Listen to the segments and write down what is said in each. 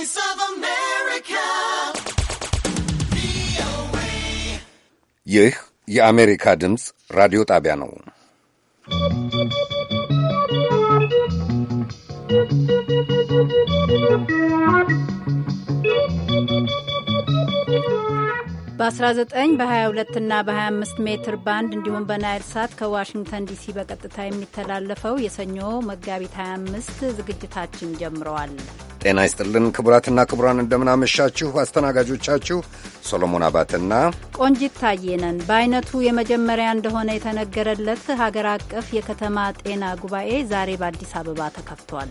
Voice of America. ይህ የአሜሪካ ድምፅ ራዲዮ ጣቢያ ነው። በ19 በ22 እና በ25 ሜትር ባንድ እንዲሁም በናይል ሳት ከዋሽንግተን ዲሲ በቀጥታ የሚተላለፈው የሰኞ መጋቢት 25 ዝግጅታችን ጀምረዋል። ጤና ይስጥልን ክቡራትና ክቡራን፣ እንደምናመሻችሁ። አስተናጋጆቻችሁ ሶሎሞን አባትና ቆንጂት ታየነን። በአይነቱ የመጀመሪያ እንደሆነ የተነገረለት ሀገር አቀፍ የከተማ ጤና ጉባኤ ዛሬ በአዲስ አበባ ተከፍቷል።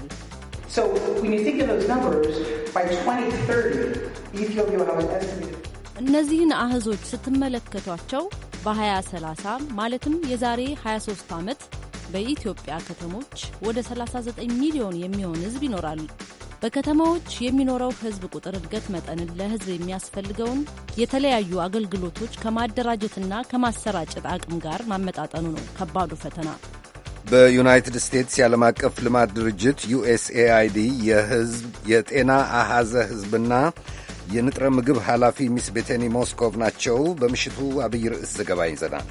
እነዚህን አህዞች ስትመለከቷቸው በ2030 ማለትም የዛሬ 23 ዓመት በኢትዮጵያ ከተሞች ወደ 39 ሚሊዮን የሚሆን ሕዝብ ይኖራል። በከተማዎች የሚኖረው ህዝብ ቁጥር እድገት መጠንን ለህዝብ የሚያስፈልገውን የተለያዩ አገልግሎቶች ከማደራጀትና ከማሰራጨት አቅም ጋር ማመጣጠኑ ነው ከባዱ ፈተና። በዩናይትድ ስቴትስ የዓለም አቀፍ ልማት ድርጅት ዩኤስኤአይዲ የህዝብ የጤና አሃዘ ህዝብና የንጥረ ምግብ ኃላፊ ሚስ ቤቴኒ ሞስኮቭ ናቸው። በምሽቱ አብይ ርዕስ ዘገባ ይዘናል።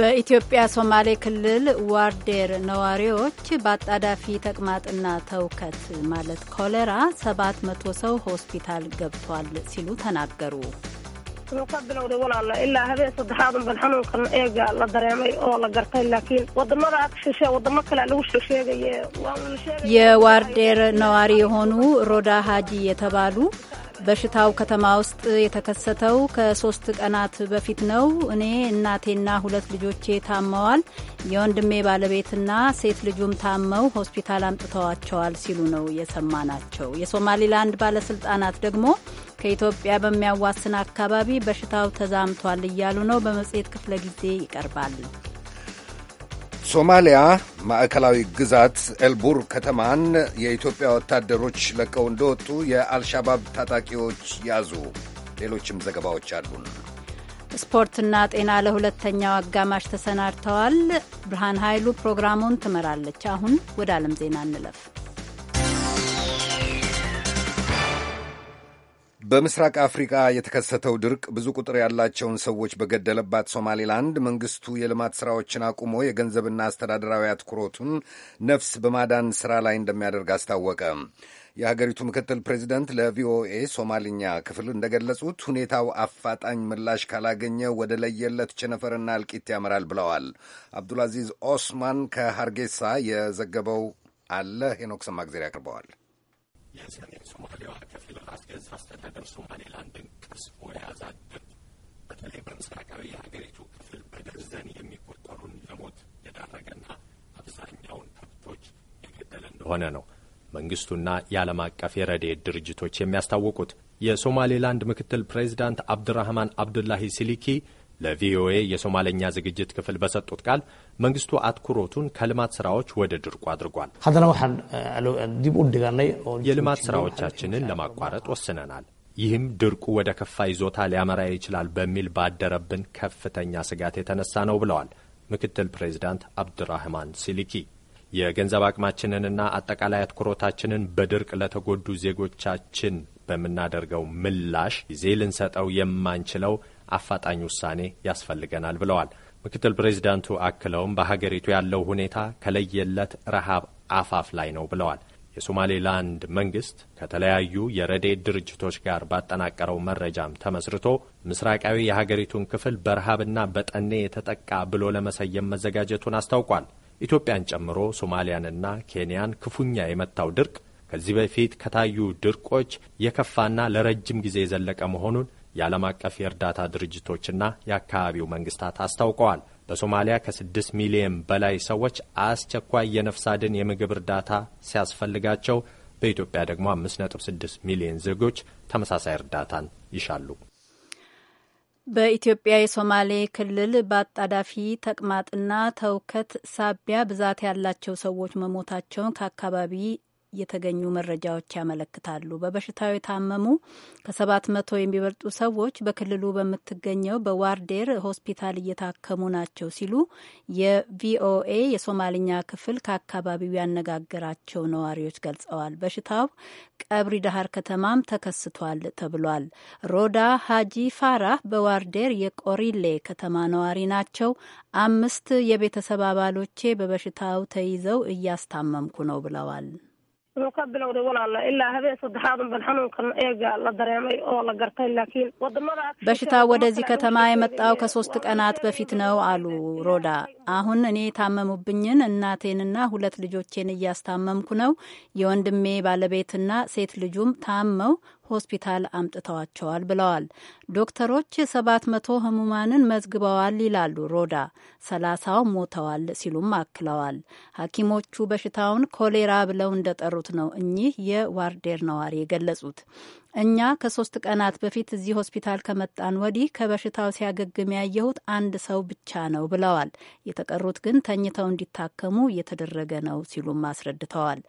በኢትዮጵያ ሶማሌ ክልል ዋርዴር ነዋሪዎች በአጣዳፊ ተቅማጥና ተውከት ማለት ኮሌራ 700 ሰው ሆስፒታል ገብቷል ሲሉ ተናገሩ። የዋርዴር ነዋሪ የሆኑ ሮዳ ሀጂ የተባሉ በሽታው ከተማ ውስጥ የተከሰተው ከሶስት ቀናት በፊት ነው። እኔ እናቴና ሁለት ልጆቼ ታመዋል። የወንድሜ ባለቤትና ሴት ልጁም ታመው ሆስፒታል አምጥተዋቸዋል ሲሉ ነው የሰማ ናቸው። የሶማሊላንድ ባለስልጣናት ደግሞ ከኢትዮጵያ በሚያዋስን አካባቢ በሽታው ተዛምቷል እያሉ ነው። በመጽሔት ክፍለ ጊዜ ይቀርባል። ሶማሊያ ማዕከላዊ ግዛት ኤልቡር ከተማን የኢትዮጵያ ወታደሮች ለቀው እንደወጡ የአልሻባብ ታጣቂዎች ያዙ። ሌሎችም ዘገባዎች አሉን። ስፖርትና ጤና ለሁለተኛው አጋማሽ ተሰናድተዋል። ብርሃን ኃይሉ ፕሮግራሙን ትመራለች። አሁን ወደ ዓለም ዜና እንለፍ። በምስራቅ አፍሪካ የተከሰተው ድርቅ ብዙ ቁጥር ያላቸውን ሰዎች በገደለባት ሶማሌላንድ መንግስቱ የልማት ስራዎችን አቁሞ የገንዘብና አስተዳደራዊ አትኩሮቱን ነፍስ በማዳን ስራ ላይ እንደሚያደርግ አስታወቀ። የሀገሪቱ ምክትል ፕሬዚደንት ለቪኦኤ ሶማልኛ ክፍል እንደገለጹት ሁኔታው አፋጣኝ ምላሽ ካላገኘ ወደ ለየለት ቸነፈርና እልቂት ያመራል ብለዋል። አብዱልአዚዝ ኦስማን ከሀርጌሳ የዘገበው አለ። ሄኖክ ሰማግዜር ያቀርበዋል። የእዝ አስተዳደር ሶማሌላንድን ቅርስ ወደያዘ አደብ በተለይ በምስራቃዊ የሀገሪቱ ክፍል በደርዘን የሚቆጠሩን ለሞት የዳረገና አብዛኛውን ከብቶች የገደለ እንደሆነ ነው መንግስቱና የዓለም አቀፍ የረድኤት ድርጅቶች የሚያስታውቁት። የሶማሌላንድ ምክትል ፕሬዚዳንት አብድራህማን አብዱላሂ ሲሊኪ ለቪኦኤ የሶማለኛ ዝግጅት ክፍል በሰጡት ቃል መንግስቱ አትኩሮቱን ከልማት ስራዎች ወደ ድርቁ አድርጓል። የልማት ስራዎቻችንን ለማቋረጥ ወስነናል። ይህም ድርቁ ወደ ከፋ ይዞታ ሊያመራ ይችላል በሚል ባደረብን ከፍተኛ ስጋት የተነሳ ነው ብለዋል ምክትል ፕሬዚዳንት አብድራህማን ሲሊኪ። የገንዘብ አቅማችንንና አጠቃላይ አትኩሮታችንን በድርቅ ለተጎዱ ዜጎቻችን በምናደርገው ምላሽ ጊዜ ልንሰጠው የማንችለው አፋጣኝ ውሳኔ ያስፈልገናል ብለዋል። ምክትል ፕሬዚዳንቱ አክለውም በሀገሪቱ ያለው ሁኔታ ከለየለት ረሃብ አፋፍ ላይ ነው ብለዋል። የሶማሌላንድ መንግስት ከተለያዩ የረድኤት ድርጅቶች ጋር ባጠናቀረው መረጃም ተመስርቶ ምስራቃዊ የሀገሪቱን ክፍል በረሃብና በጠኔ የተጠቃ ብሎ ለመሰየም መዘጋጀቱን አስታውቋል። ኢትዮጵያን ጨምሮ ሶማሊያንና ኬንያን ክፉኛ የመታው ድርቅ ከዚህ በፊት ከታዩ ድርቆች የከፋና ለረጅም ጊዜ የዘለቀ መሆኑን የዓለም አቀፍ የእርዳታ ድርጅቶችና የአካባቢው መንግስታት አስታውቀዋል። በሶማሊያ ከ ከ6 ሚሊየን በላይ ሰዎች አስቸኳይ የነፍስ አድን የምግብ እርዳታ ሲያስፈልጋቸው በኢትዮጵያ ደግሞ 5.6 ሚሊዮን ዜጎች ተመሳሳይ እርዳታን ይሻሉ። በኢትዮጵያ የሶማሌ ክልል በአጣዳፊ ተቅማጥና ተውከት ሳቢያ ብዛት ያላቸው ሰዎች መሞታቸውን ከአካባቢ የተገኙ መረጃዎች ያመለክታሉ። በበሽታው የታመሙ ከሰባት መቶ የሚበልጡ ሰዎች በክልሉ በምትገኘው በዋርዴር ሆስፒታል እየታከሙ ናቸው ሲሉ የቪኦኤ የሶማልኛ ክፍል ከአካባቢው ያነጋገራቸው ነዋሪዎች ገልጸዋል። በሽታው ቀብሪ ዳሃር ከተማም ተከስቷል ተብሏል። ሮዳ ሀጂ ፋራ በዋርዴር የቆሪሌ ከተማ ነዋሪ ናቸው። አምስት የቤተሰብ አባሎቼ በበሽታው ተይዘው እያስታመምኩ ነው ብለዋል። wuxuu ka bilowday walaala ilaa habeen saddexaad unban xanuunkan eega la dareemay oo la gartay laakiin wadamada በሽታው ወደዚህ ከተማ የመጣው ከሶስት ቀናት በፊት ነው አሉ ሮዳ። አሁን እኔ የታመሙብኝን እናቴንና ሁለት ልጆቼን እያስታመምኩ ነው። የወንድሜ ባለቤትና ሴት ልጁም ታመው ሆስፒታል አምጥተዋቸዋል ብለዋል። ዶክተሮች ሰባት መቶ ህሙማንን መዝግበዋል ይላሉ ሮዳ። ሰላሳው ሞተዋል ሲሉም አክለዋል። ሐኪሞቹ በሽታውን ኮሌራ ብለው እንደጠሩት ነው እኚህ የዋርዴር ነዋሪ የገለጹት። እኛ ከሶስት ቀናት በፊት እዚህ ሆስፒታል ከመጣን ወዲህ ከበሽታው ሲያገግም ያየሁት አንድ ሰው ብቻ ነው ብለዋል። የተቀሩት ግን ተኝተው እንዲታከሙ እየተደረገ ነው ሲሉም አስረድተዋል።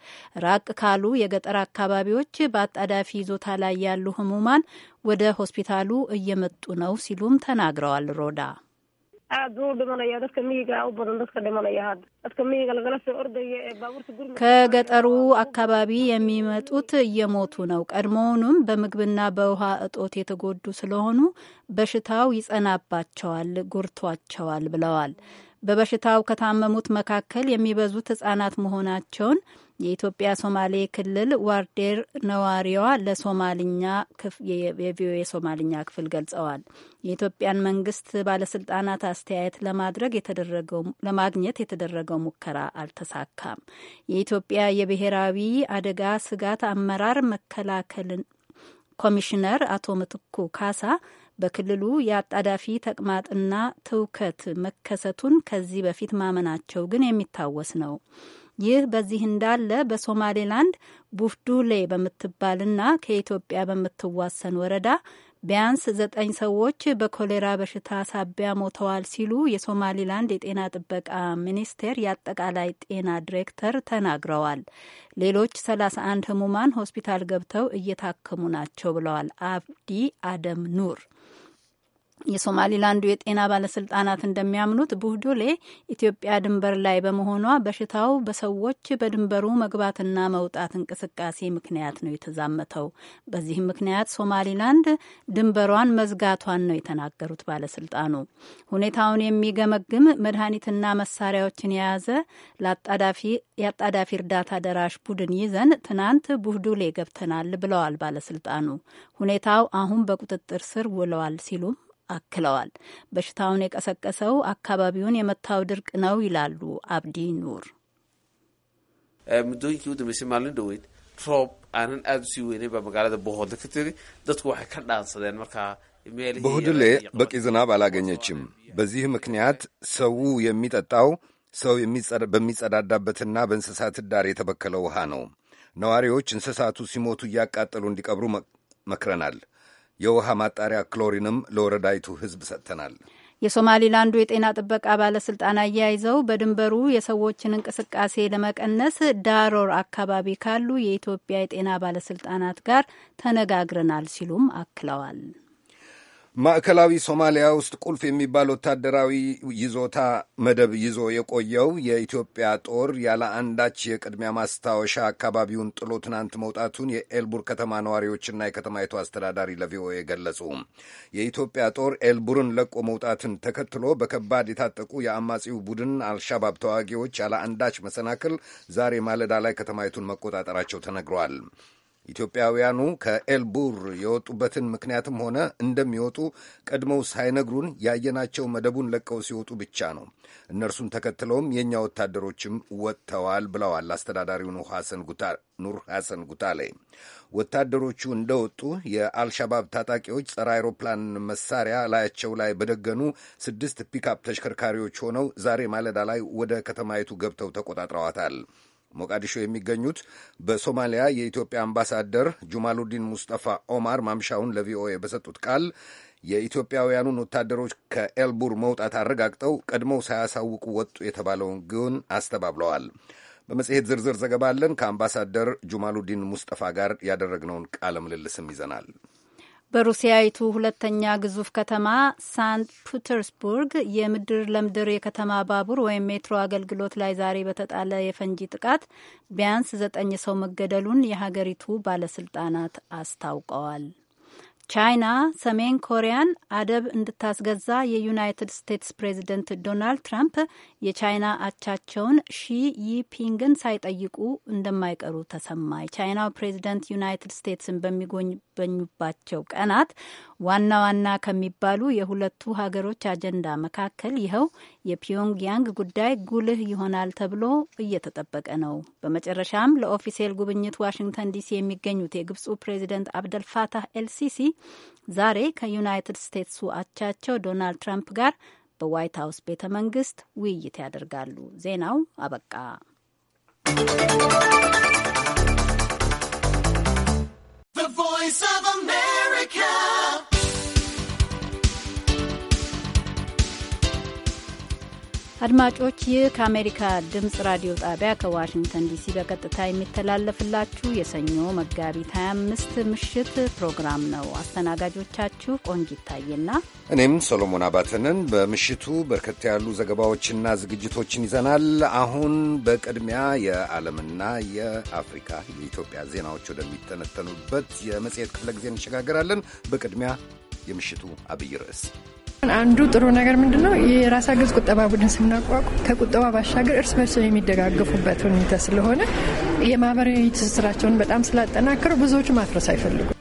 ራቅ ካሉ የገጠር አካባቢዎች በአጣዳፊ ይዞታ ላይ ያሉ ህሙማን ወደ ሆስፒታሉ እየመጡ ነው ሲሉም ተናግረዋል። ሮዳ aad u dhimanaya dadka miyiga ah, u badan dadka dhimanaya hadda dadka miyiga lagala soo ordaya ee baabuurta ከገጠሩ አካባቢ የሚመጡት እየሞቱ ነው። ቀድሞውኑም በምግብና በውሃ እጦት የተጎዱ ስለሆኑ በሽታው ይጸናባቸዋል፣ ጎርቷቸዋል ብለዋል። በበሽታው ከታመሙት መካከል የሚበዙት ህጻናት መሆናቸውን የኢትዮጵያ ሶማሌ ክልል ዋርዴር ነዋሪዋ ለሶማልኛ የቪኦኤ ሶማልኛ ክፍል ገልጸዋል። የኢትዮጵያን መንግስት ባለስልጣናት አስተያየት ለማድረግ ለማግኘት የተደረገው ሙከራ አልተሳካም። የኢትዮጵያ የብሔራዊ አደጋ ስጋት አመራር መከላከልን ኮሚሽነር አቶ ምትኩ ካሳ በክልሉ የአጣዳፊ ተቅማጥና ትውከት መከሰቱን ከዚህ በፊት ማመናቸው ግን የሚታወስ ነው። ይህ በዚህ እንዳለ በሶማሌላንድ ቡፍዱሌ በምትባልና ከኢትዮጵያ በምትዋሰን ወረዳ ቢያንስ ዘጠኝ ሰዎች በኮሌራ በሽታ ሳቢያ ሞተዋል ሲሉ የሶማሊላንድ የጤና ጥበቃ ሚኒስቴር የአጠቃላይ ጤና ዲሬክተር ተናግረዋል። ሌሎች 31 ህሙማን ሆስፒታል ገብተው እየታከሙ ናቸው ብለዋል አብዲ አደም ኑር የሶማሊላንዱ የጤና ባለስልጣናት እንደሚያምኑት ቡህዱሌ ኢትዮጵያ ድንበር ላይ በመሆኗ በሽታው በሰዎች በድንበሩ መግባትና መውጣት እንቅስቃሴ ምክንያት ነው የተዛመተው። በዚህም ምክንያት ሶማሊላንድ ድንበሯን መዝጋቷን ነው የተናገሩት ባለስልጣኑ። ሁኔታውን የሚገመግም መድኃኒትና መሳሪያዎችን የያዘ የአጣዳፊ እርዳታ ደራሽ ቡድን ይዘን ትናንት ቡህዱሌ ገብተናል ብለዋል ባለስልጣኑ። ሁኔታው አሁን በቁጥጥር ስር ውለዋል ሲሉም አክለዋል። በሽታውን የቀሰቀሰው አካባቢውን የመታው ድርቅ ነው ይላሉ አብዲ ኑር። በሁድሌ በቂ ዝናብ አላገኘችም። በዚህ ምክንያት ሰው የሚጠጣው ሰው በሚጸዳዳበትና በእንስሳት ዳር የተበከለ ውሃ ነው። ነዋሪዎች እንስሳቱ ሲሞቱ እያቃጠሉ እንዲቀብሩ መክረናል። የውሃ ማጣሪያ ክሎሪንም ለወረዳይቱ ህዝብ ሰጥተናል። የሶማሊላንዱ የጤና ጥበቃ ባለስልጣን አያይዘው በድንበሩ የሰዎችን እንቅስቃሴ ለመቀነስ ዳሮር አካባቢ ካሉ የኢትዮጵያ የጤና ባለስልጣናት ጋር ተነጋግረናል ሲሉም አክለዋል። ማዕከላዊ ሶማሊያ ውስጥ ቁልፍ የሚባል ወታደራዊ ይዞታ መደብ ይዞ የቆየው የኢትዮጵያ ጦር ያለ አንዳች የቅድሚያ ማስታወሻ አካባቢውን ጥሎ ትናንት መውጣቱን የኤልቡር ከተማ ነዋሪዎችና የከተማይቱ አስተዳዳሪ ለቪኦኤ ገለጹ። የኢትዮጵያ ጦር ኤልቡርን ለቆ መውጣትን ተከትሎ በከባድ የታጠቁ የአማጺው ቡድን አልሻባብ ተዋጊዎች ያለ አንዳች መሰናክል ዛሬ ማለዳ ላይ ከተማይቱን መቆጣጠራቸው ተነግሯል። ኢትዮጵያውያኑ ከኤልቡር የወጡበትን ምክንያትም ሆነ እንደሚወጡ ቀድመው ሳይነግሩን ያየናቸው መደቡን ለቀው ሲወጡ ብቻ ነው። እነርሱን ተከትለውም የእኛ ወታደሮችም ወጥተዋል ብለዋል አስተዳዳሪው ኑር ሐሰን ጉታሌ። ወታደሮቹ እንደወጡ የአልሻባብ ታጣቂዎች ጸረ አይሮፕላን መሳሪያ ላያቸው ላይ በደገኑ ስድስት ፒካፕ ተሽከርካሪዎች ሆነው ዛሬ ማለዳ ላይ ወደ ከተማይቱ ገብተው ተቆጣጥረዋታል። ሞቃዲሾ የሚገኙት በሶማሊያ የኢትዮጵያ አምባሳደር ጁማሉዲን ሙስጠፋ ኦማር ማምሻውን ለቪኦኤ በሰጡት ቃል የኢትዮጵያውያኑን ወታደሮች ከኤልቡር መውጣት አረጋግጠው ቀድመው ሳያሳውቁ ወጡ የተባለውን ግን አስተባብለዋል። በመጽሔት ዝርዝር ዘገባ አለን። ከአምባሳደር ጁማሉዲን ሙስጠፋ ጋር ያደረግነውን ቃለ ምልልስም ይዘናል። በሩሲያዊቱ ሁለተኛ ግዙፍ ከተማ ሳንት ፒተርስቡርግ የምድር ለምድር የከተማ ባቡር ወይም ሜትሮ አገልግሎት ላይ ዛሬ በተጣለ የፈንጂ ጥቃት ቢያንስ ዘጠኝ ሰው መገደሉን የሀገሪቱ ባለስልጣናት አስታውቀዋል። ቻይና ሰሜን ኮሪያን አደብ እንድታስገዛ የዩናይትድ ስቴትስ ፕሬዚደንት ዶናልድ ትራምፕ የቻይና አቻቸውን ሺ ይፒንግን ሳይጠይቁ እንደማይቀሩ ተሰማ። የቻይናው ፕሬዚደንት ዩናይትድ ስቴትስን በሚጎበኙባቸው ቀናት ዋና ዋና ከሚባሉ የሁለቱ ሀገሮች አጀንዳ መካከል ይኸው የፒዮንግያንግ ጉዳይ ጉልህ ይሆናል ተብሎ እየተጠበቀ ነው። በመጨረሻም ለኦፊሴል ጉብኝት ዋሽንግተን ዲሲ የሚገኙት የግብፁ ፕሬዚደንት አብደልፋታህ ኤልሲሲ ዛሬ ከዩናይትድ ስቴትሱ አቻቸው ዶናልድ ትራምፕ ጋር በዋይት ሀውስ ቤተ መንግስት ውይይት ያደርጋሉ። ዜናው አበቃ። ቮይስ ኦፍ አሜሪካ አድማጮች ይህ ከአሜሪካ ድምፅ ራዲዮ ጣቢያ ከዋሽንግተን ዲሲ በቀጥታ የሚተላለፍላችሁ የሰኞ መጋቢት 25 ምሽት ፕሮግራም ነው። አስተናጋጆቻችሁ ቆንጅ ይታየና እኔም ሰሎሞን አባተንን። በምሽቱ በርከት ያሉ ዘገባዎችና ዝግጅቶችን ይዘናል። አሁን በቅድሚያ የዓለምና የአፍሪካ የኢትዮጵያ ዜናዎች ወደሚተነተኑበት የመጽሔት ክፍለ ጊዜ እንሸጋገራለን። በቅድሚያ የምሽቱ አብይ ርዕስ አንዱ ጥሩ ነገር ምንድን ነው የራስ አገዝ ቁጠባ ቡድን ስናቋቁም ከቁጠባ ባሻገር እርስ በርስ የሚደጋገፉበት ሁኔታ ስለሆነ የማህበራዊ ትስስራቸውን በጣም ስላጠናከሩ ብዙዎቹ ማፍረስ አይፈልጉም።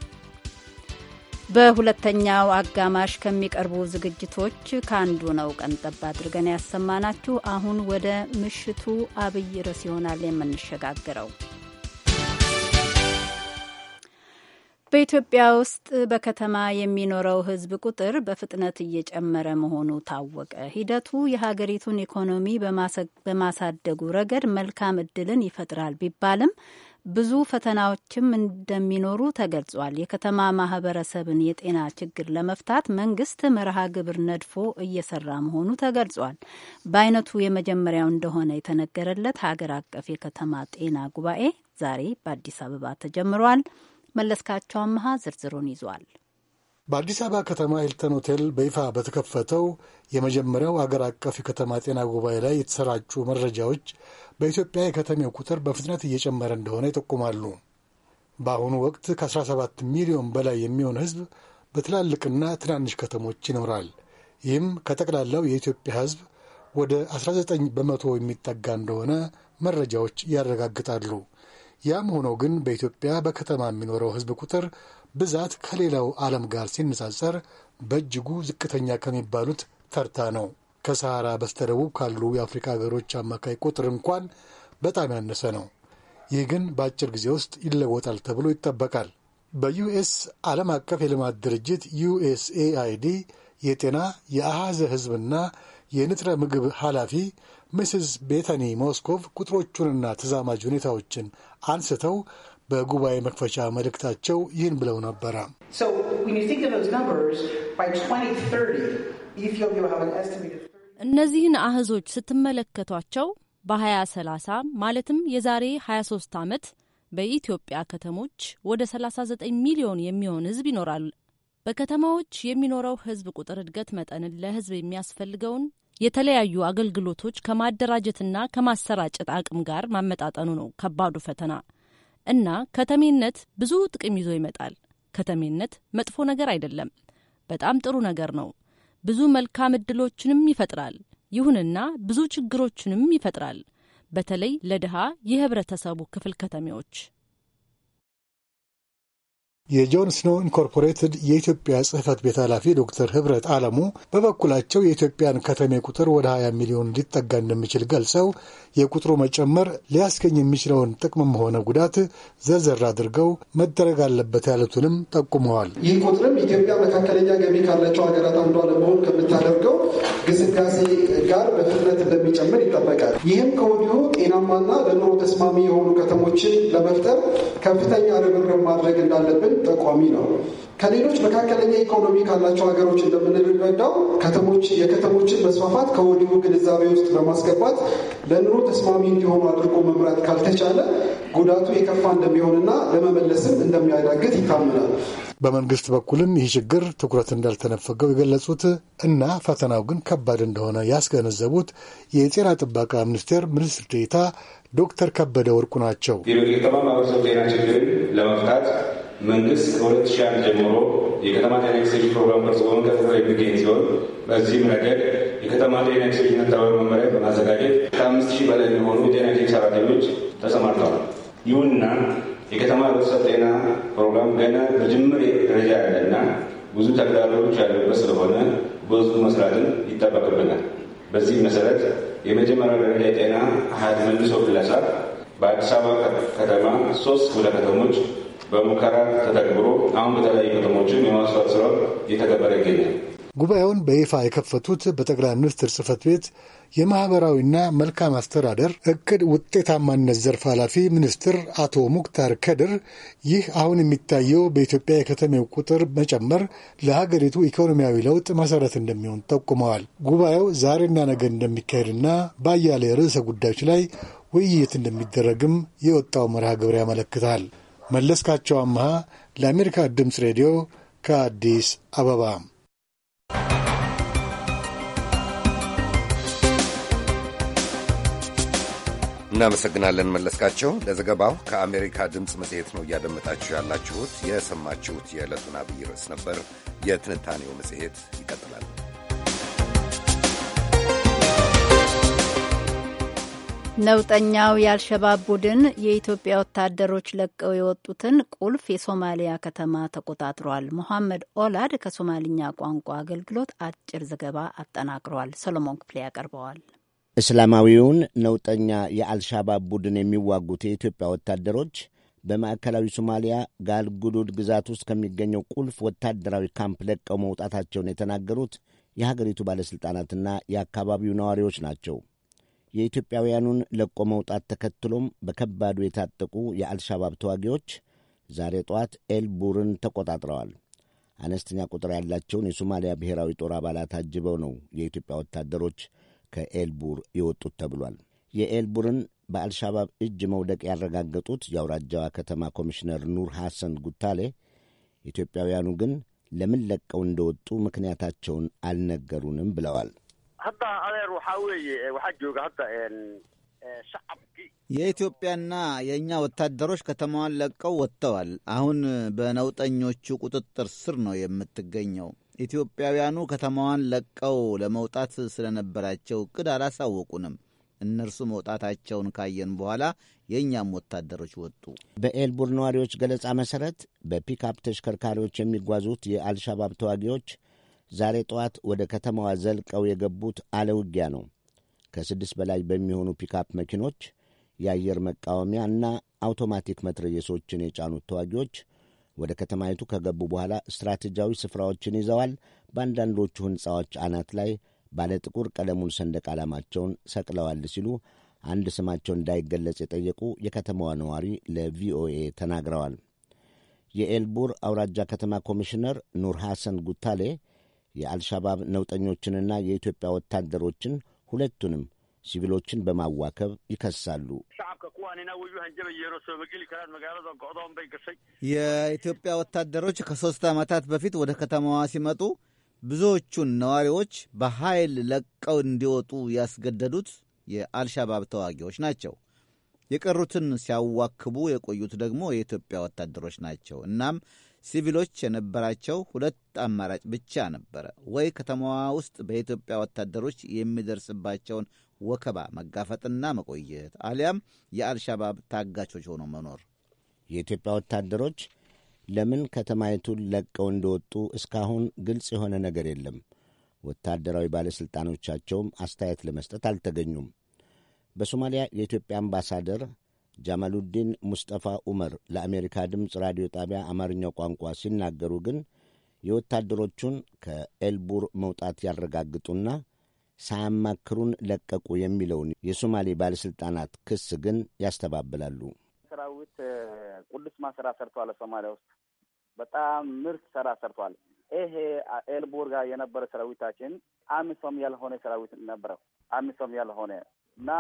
በሁለተኛው አጋማሽ ከሚቀርቡ ዝግጅቶች ከአንዱ ነው ቀንጠብ አድርገን ያሰማናችሁ። አሁን ወደ ምሽቱ አብይ ርዕስ ይሆናል የምንሸጋግረው። በኢትዮጵያ ውስጥ በከተማ የሚኖረው ሕዝብ ቁጥር በፍጥነት እየጨመረ መሆኑ ታወቀ። ሂደቱ የሀገሪቱን ኢኮኖሚ በማሳደጉ ረገድ መልካም እድልን ይፈጥራል ቢባልም ብዙ ፈተናዎችም እንደሚኖሩ ተገልጿል። የከተማ ማህበረሰብን የጤና ችግር ለመፍታት መንግስት መርሃ ግብር ነድፎ እየሰራ መሆኑ ተገልጿል። በአይነቱ የመጀመሪያው እንደሆነ የተነገረለት ሀገር አቀፍ የከተማ ጤና ጉባኤ ዛሬ በአዲስ አበባ ተጀምሯል። መለስካቸው አመሃ ዝርዝሩን ይዟል። በአዲስ አበባ ከተማ ሂልተን ሆቴል በይፋ በተከፈተው የመጀመሪያው አገር አቀፍ የከተማ ጤና ጉባኤ ላይ የተሰራጩ መረጃዎች በኢትዮጵያ የከተሜው ቁጥር በፍጥነት እየጨመረ እንደሆነ ይጠቁማሉ። በአሁኑ ወቅት ከ17 ሚሊዮን በላይ የሚሆን ሕዝብ በትላልቅና ትናንሽ ከተሞች ይኖራል። ይህም ከጠቅላላው የኢትዮጵያ ሕዝብ ወደ 19 በመቶ የሚጠጋ እንደሆነ መረጃዎች ያረጋግጣሉ። ያም ሆኖ ግን በኢትዮጵያ በከተማ የሚኖረው ሕዝብ ቁጥር ብዛት ከሌላው ዓለም ጋር ሲነጻጸር በእጅጉ ዝቅተኛ ከሚባሉት ተርታ ነው። ከሰሃራ በስተደቡብ ካሉ የአፍሪካ ሀገሮች አማካይ ቁጥር እንኳን በጣም ያነሰ ነው። ይህ ግን በአጭር ጊዜ ውስጥ ይለወጣል ተብሎ ይጠበቃል። በዩኤስ ዓለም አቀፍ የልማት ድርጅት ዩኤስኤአይዲ የጤና የአሃዘ ሕዝብና የንጥረ ምግብ ኃላፊ ሚስስ ቤተኒ ሞስኮቭ ቁጥሮቹንና ተዛማጅ ሁኔታዎችን አንስተው በጉባኤ መክፈቻ መልእክታቸው ይህን ብለው ነበረ። እነዚህን አህዞች ስትመለከቷቸው በ2030 ማለትም የዛሬ 23 ዓመት በኢትዮጵያ ከተሞች ወደ 39 ሚሊዮን የሚሆን ህዝብ ይኖራል። በከተማዎች የሚኖረው ህዝብ ቁጥር እድገት መጠንን ለህዝብ የሚያስፈልገውን የተለያዩ አገልግሎቶች ከማደራጀትና ከማሰራጨት አቅም ጋር ማመጣጠኑ ነው ከባዱ ፈተና እና ከተሜነት ብዙ ጥቅም ይዞ ይመጣል። ከተሜነት መጥፎ ነገር አይደለም፣ በጣም ጥሩ ነገር ነው። ብዙ መልካም እድሎችንም ይፈጥራል። ይሁንና ብዙ ችግሮችንም ይፈጥራል። በተለይ ለድሃ የህብረተሰቡ ክፍል ከተሜዎች የጆን ስኖ ኢንኮርፖሬትድ የኢትዮጵያ ጽህፈት ቤት ኃላፊ ዶክተር ህብረት አለሙ በበኩላቸው የኢትዮጵያን ከተሜ ቁጥር ወደ 20 ሚሊዮን ሊጠጋ እንደሚችል ገልጸው የቁጥሩ መጨመር ሊያስገኝ የሚችለውን ጥቅምም ሆነ ጉዳት ዘርዘር አድርገው መደረግ አለበት ያሉትንም ጠቁመዋል። ይህ ቁጥርም ኢትዮጵያ መካከለኛ ገቢ ካላቸው ሀገራት አንዷ ለመሆን ከምታደርገው ግስጋሴ ጋር በፍጥነት እንደሚጨምር ይጠበቃል። ይህም ከወዲሁ ጤናማና ለኑሮ ተስማሚ የሆኑ ከተሞችን ለመፍጠር ከፍተኛ ርብርብ ማድረግ እንዳለብን ጠቋሚ ነው። ከሌሎች መካከለኛ ኢኮኖሚ ካላቸው ሀገሮች እንደምንረዳው ከተሞች የከተሞችን መስፋፋት ከወዲሁ ግንዛቤ ውስጥ በማስገባት ለኑሮ ተስማሚ እንዲሆኑ አድርጎ መምራት ካልተቻለ ጉዳቱ የከፋ እንደሚሆንና ለመመለስም እንደሚያዳግት ይታመናል። በመንግስት በኩልም ይህ ችግር ትኩረት እንዳልተነፈገው የገለጹት እና ፈተናው ግን ከባድ እንደሆነ ያስገነዘቡት የጤና ጥበቃ ሚኒስቴር ሚኒስትር ዴኤታ ዶክተር ከበደ ወርቁ ናቸው። የጠማ ማህበረሰብ ጤና ችግርን ለመፍታት መንግስት ከ ሺህ ጀምሮ የከተማ ጤና ኤክስቴንሽን ፕሮግራም ቅርጽ በመቀጠል የሚገኝ ሲሆን በዚህም ረገድ የከተማ ጤና ኤክስቴንሽን አተባበር መመሪያ በማዘጋጀት ከአምስት ሺህ በላይ የሚሆኑ የጤና ኤክስቴንሽን ሰራተኞች ተሰማርተዋል። ይሁንና የከተማ ህብረተሰብ ጤና ፕሮግራም ገና በጅምር ደረጃ ያለና ብዙ ተግዳሮች ያለበት ስለሆነ በዙ መስራትን ይጠበቅብናል። በዚህ መሰረት የመጀመሪያ ደረጃ የጤና አሃድ መልሶ ግለሳ በአዲስ አበባ ከተማ ሶስት ክፍለ ከተሞች በሙከራ ተተግብሮ አሁን በተለያዩ ከተሞችን የማስፋት ስራ እየተገበረ ይገኛል። ጉባኤውን በይፋ የከፈቱት በጠቅላይ ሚኒስትር ጽህፈት ቤት የማኅበራዊና መልካም አስተዳደር እቅድ ውጤታማነት ዘርፍ ኃላፊ ሚኒስትር አቶ ሙክታር ከድር ይህ አሁን የሚታየው በኢትዮጵያ የከተሜው ቁጥር መጨመር ለሀገሪቱ ኢኮኖሚያዊ ለውጥ መሠረት እንደሚሆን ጠቁመዋል። ጉባኤው ዛሬና ነገ እንደሚካሄድና በአያሌ ርዕሰ ጉዳዮች ላይ ውይይት እንደሚደረግም የወጣው መርሃ ግብር ያመለክታል። መለስካቸው አመሃ ለአሜሪካ ድምፅ ሬዲዮ ከአዲስ አበባ እናመሰግናለን መለስካቸው ለዘገባው። ከአሜሪካ ድምፅ መጽሔት ነው እያደመጣችሁ ያላችሁት። የሰማችሁት የዕለቱን አብይ ርዕስ ነበር። የትንታኔው መጽሔት ይቀጥላል። ነውጠኛው የአልሸባብ ቡድን የኢትዮጵያ ወታደሮች ለቀው የወጡትን ቁልፍ የሶማሊያ ከተማ ተቆጣጥሯል። ሞሐመድ ኦላድ ከሶማልኛ ቋንቋ አገልግሎት አጭር ዘገባ አጠናቅሯል። ሰሎሞን ክፍሌ ያቀርበዋል። እስላማዊውን ነውጠኛ የአልሻባብ ቡድን የሚዋጉት የኢትዮጵያ ወታደሮች በማዕከላዊ ሶማሊያ ጋልጉዱድ ግዛት ውስጥ ከሚገኘው ቁልፍ ወታደራዊ ካምፕ ለቀው መውጣታቸውን የተናገሩት የሀገሪቱ ባለሥልጣናትና የአካባቢው ነዋሪዎች ናቸው። የኢትዮጵያውያኑን ለቆ መውጣት ተከትሎም በከባዱ የታጠቁ የአልሻባብ ተዋጊዎች ዛሬ ጠዋት ኤልቡርን ተቆጣጥረዋል። አነስተኛ ቁጥር ያላቸውን የሶማሊያ ብሔራዊ ጦር አባላት አጅበው ነው የኢትዮጵያ ወታደሮች ከኤልቡር የወጡት ተብሏል። የኤልቡርን በአልሻባብ እጅ መውደቅ ያረጋገጡት የአውራጃዋ ከተማ ኮሚሽነር ኑር ሐሰን ጉታሌ ኢትዮጵያውያኑ ግን ለምን ለቀው እንደወጡ ምክንያታቸውን አልነገሩንም ብለዋል። hadda adeer waxaa weeye eh, waxaa jooga hadda eh, shacabkii የኢትዮጵያና የእኛ ወታደሮች ከተማዋን ለቀው ወጥተዋል። አሁን eh, በነውጠኞቹ ቁጥጥር ስር ነው የምትገኘው። ኢትዮጵያውያኑ ከተማዋን ለቀው ለመውጣት ስለነበራቸው እቅድ አላሳወቁንም። እነርሱ መውጣታቸውን ካየን በኋላ የእኛም ወታደሮች ወጡ። በኤልቡር ነዋሪዎች ገለጻ መሠረት በፒክአፕ ተሽከርካሪዎች የሚጓዙት የአልሻባብ ተዋጊዎች ዛሬ ጠዋት ወደ ከተማዋ ዘልቀው የገቡት አለውጊያ ነው። ከስድስት በላይ በሚሆኑ ፒካፕ መኪኖች የአየር መቃወሚያ እና አውቶማቲክ መትረየሶችን የጫኑት ተዋጊዎች ወደ ከተማይቱ ከገቡ በኋላ ስትራቴጂያዊ ስፍራዎችን ይዘዋል። በአንዳንዶቹ ሕንፃዎች አናት ላይ ባለ ጥቁር ቀለሙን ሰንደቅ ዓላማቸውን ሰቅለዋል ሲሉ አንድ ስማቸው እንዳይገለጽ የጠየቁ የከተማዋ ነዋሪ ለቪኦኤ ተናግረዋል። የኤልቡር አውራጃ ከተማ ኮሚሽነር ኑር ሐሰን ጉታሌ የአልሻባብ ነውጠኞችንና የኢትዮጵያ ወታደሮችን ሁለቱንም ሲቪሎችን በማዋከብ ይከሳሉ። የኢትዮጵያ ወታደሮች ከሦስት ዓመታት በፊት ወደ ከተማዋ ሲመጡ ብዙዎቹን ነዋሪዎች በኃይል ለቀው እንዲወጡ ያስገደዱት የአልሻባብ ተዋጊዎች ናቸው። የቀሩትን ሲያዋክቡ የቆዩት ደግሞ የኢትዮጵያ ወታደሮች ናቸው። እናም ሲቪሎች የነበራቸው ሁለት አማራጭ ብቻ ነበረ። ወይ ከተማዋ ውስጥ በኢትዮጵያ ወታደሮች የሚደርስባቸውን ወከባ መጋፈጥና መቆየት፣ አሊያም የአልሻባብ ታጋቾች ሆኖ መኖር። የኢትዮጵያ ወታደሮች ለምን ከተማይቱን ለቀው እንደወጡ እስካሁን ግልጽ የሆነ ነገር የለም። ወታደራዊ ባለሥልጣኖቻቸውም አስተያየት ለመስጠት አልተገኙም። በሶማሊያ የኢትዮጵያ አምባሳደር ጃማሉዲን ሙስጠፋ ኡመር ለአሜሪካ ድምፅ ራዲዮ ጣቢያ አማርኛው ቋንቋ ሲናገሩ ግን የወታደሮቹን ከኤልቡር መውጣት ያረጋግጡና ሳያማክሩን ለቀቁ የሚለውን የሶማሌ ባለሥልጣናት ክስ ግን ያስተባብላሉ። ሰራዊት ቅዱስ ማሰራ ሰርተዋል። ሶማሊያ ውስጥ በጣም ምርት ሰራ ሰርተዋል። ይሄ ኤልቡር ጋር የነበረ ሰራዊታችን አሚሶም ያልሆነ ሰራዊት ነበረው። አሚሶም ያልሆነ እና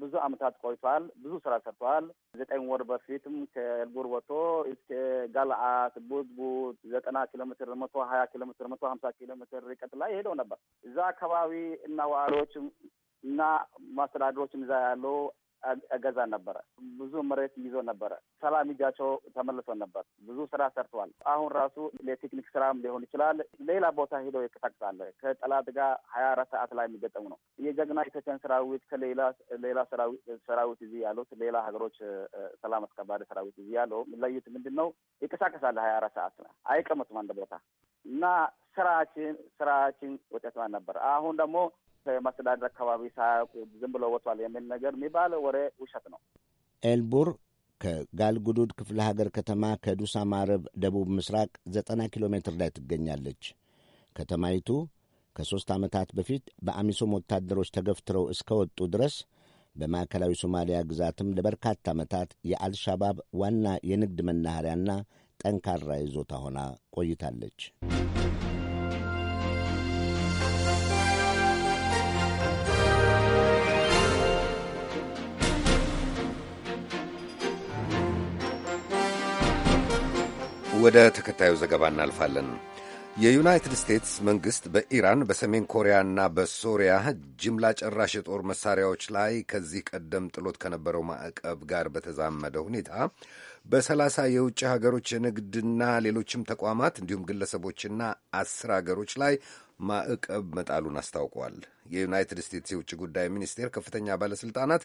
ብዙ አመታት ቆይቷል። ብዙ ስራ ሰርተዋል። ዘጠኝ ወር በፊትም ከኤልቡር ወጥቶ እስከ ጋልአት፣ ቡዝቡዝ ዘጠና ኪሎ ሜትር፣ መቶ ሀያ ኪሎ ሜትር፣ መቶ ሀምሳ ኪሎ ሜትር ርቀት ላይ ሄደው ነበር። እዛ አካባቢ እና ዋሪዎችም እና ማስተዳደሮችም እዛ ያለው እገዛ ነበረ። ብዙ መሬት ይዞ ነበረ። ሰላም እጃቸው ተመልሶ ነበር። ብዙ ስራ ሰርተዋል። አሁን ራሱ ለቴክኒክ ስራም ሊሆን ይችላል። ሌላ ቦታ ሄዶ ይቀሳቀሳል። ከጠላት ጋር ሀያ አራት ሰዓት ላይ የሚገጠሙ ነው። የጀግና ኢትዮጵያን ሰራዊት ከሌላ ሌላ ሰራዊት እዚህ ያሉት ሌላ ሀገሮች ሰላም አስከባሪ ሰራዊት እዚህ ያለው ለዩት ምንድን ነው ይቀሳቀሳል። ሀያ አራት ሰዓት አይቀመጡም አንድ ቦታ እና ስራችን ስራችን ውጤት ነበር። አሁን ደግሞ ከመስተዳድር አካባቢ ሳያውቁ ዝም ብሎ ወጥቷል የሚል ነገር የሚባለ ወሬ ውሸት ነው። ኤልቡር ከጋልጉዱድ ክፍለ ሀገር ከተማ ከዱሳ ማረብ ደቡብ ምስራቅ ዘጠና ኪሎ ሜትር ላይ ትገኛለች። ከተማይቱ ከሦስት ዓመታት በፊት በአሚሶም ወታደሮች ተገፍትረው እስከ ወጡ ድረስ በማዕከላዊ ሶማሊያ ግዛትም ለበርካታ ዓመታት የአልሻባብ ዋና የንግድ መናኸሪያና ጠንካራ ይዞታ ሆና ቆይታለች። ወደ ተከታዩ ዘገባ እናልፋለን። የዩናይትድ ስቴትስ መንግሥት በኢራን በሰሜን ኮሪያና በሶሪያ ጅምላ ጨራሽ የጦር መሳሪያዎች ላይ ከዚህ ቀደም ጥሎት ከነበረው ማዕቀብ ጋር በተዛመደ ሁኔታ በሰላሳ የውጭ ሀገሮች የንግድና ሌሎችም ተቋማት እንዲሁም ግለሰቦችና አስር ሀገሮች ላይ ማዕቀብ መጣሉን አስታውቋል። የዩናይትድ ስቴትስ የውጭ ጉዳይ ሚኒስቴር ከፍተኛ ባለሥልጣናት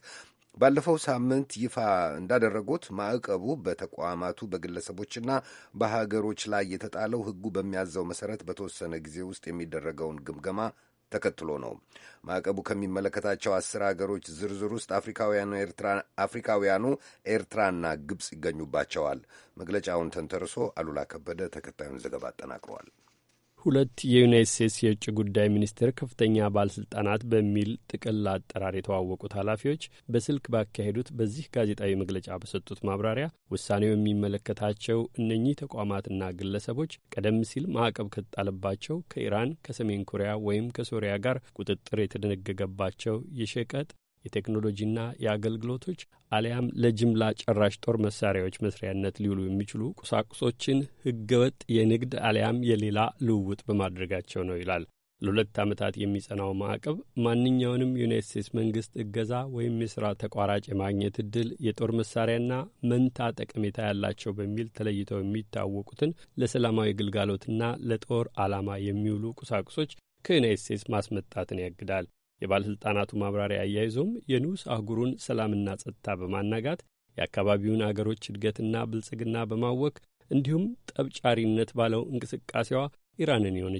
ባለፈው ሳምንት ይፋ እንዳደረጉት ማዕቀቡ በተቋማቱ በግለሰቦችና በሀገሮች ላይ የተጣለው ሕጉ በሚያዘው መሰረት በተወሰነ ጊዜ ውስጥ የሚደረገውን ግምገማ ተከትሎ ነው። ማዕቀቡ ከሚመለከታቸው አስር ሀገሮች ዝርዝር ውስጥ አፍሪካውያኑ ኤርትራና ግብፅ ይገኙባቸዋል። መግለጫውን ተንተርሶ አሉላ ከበደ ተከታዩን ዘገባ አጠናቅሯል። ሁለት የዩናይት ስቴትስ የውጭ ጉዳይ ሚኒስቴር ከፍተኛ ባለሥልጣናት በሚል ጥቅል አጠራር የተዋወቁት ኃላፊዎች በስልክ ባካሄዱት በዚህ ጋዜጣዊ መግለጫ በሰጡት ማብራሪያ ውሳኔው የሚመለከታቸው እነኚህ ተቋማትና ግለሰቦች ቀደም ሲል ማዕቀብ ከተጣለባቸው ከኢራን፣ ከሰሜን ኮሪያ ወይም ከሶሪያ ጋር ቁጥጥር የተደነገገባቸው የሸቀጥ የቴክኖሎጂና የአገልግሎቶች አሊያም ለጅምላ ጨራሽ ጦር መሳሪያዎች መስሪያነት ሊውሉ የሚችሉ ቁሳቁሶችን ህገወጥ የንግድ አሊያም የሌላ ልውውጥ በማድረጋቸው ነው ይላል። ለሁለት ዓመታት የሚጸናው ማዕቀብ ማንኛውንም ዩናይት ስቴትስ መንግሥት እገዛ ወይም የሥራ ተቋራጭ የማግኘት ዕድል የጦር መሳሪያና መንታ ጠቀሜታ ያላቸው በሚል ተለይተው የሚታወቁትን ለሰላማዊ ግልጋሎትና ለጦር ዓላማ የሚውሉ ቁሳቁሶች ከዩናይት ስቴትስ ማስመጣትን ያግዳል። የባለሥልጣናቱ ማብራሪያ አያይዞም የንዑስ አህጉሩን ሰላምና ጸጥታ በማናጋት የአካባቢውን አገሮች እድገትና ብልጽግና በማወክ እንዲሁም ጠብጫሪነት ባለው እንቅስቃሴዋ ኢራንን ይሆን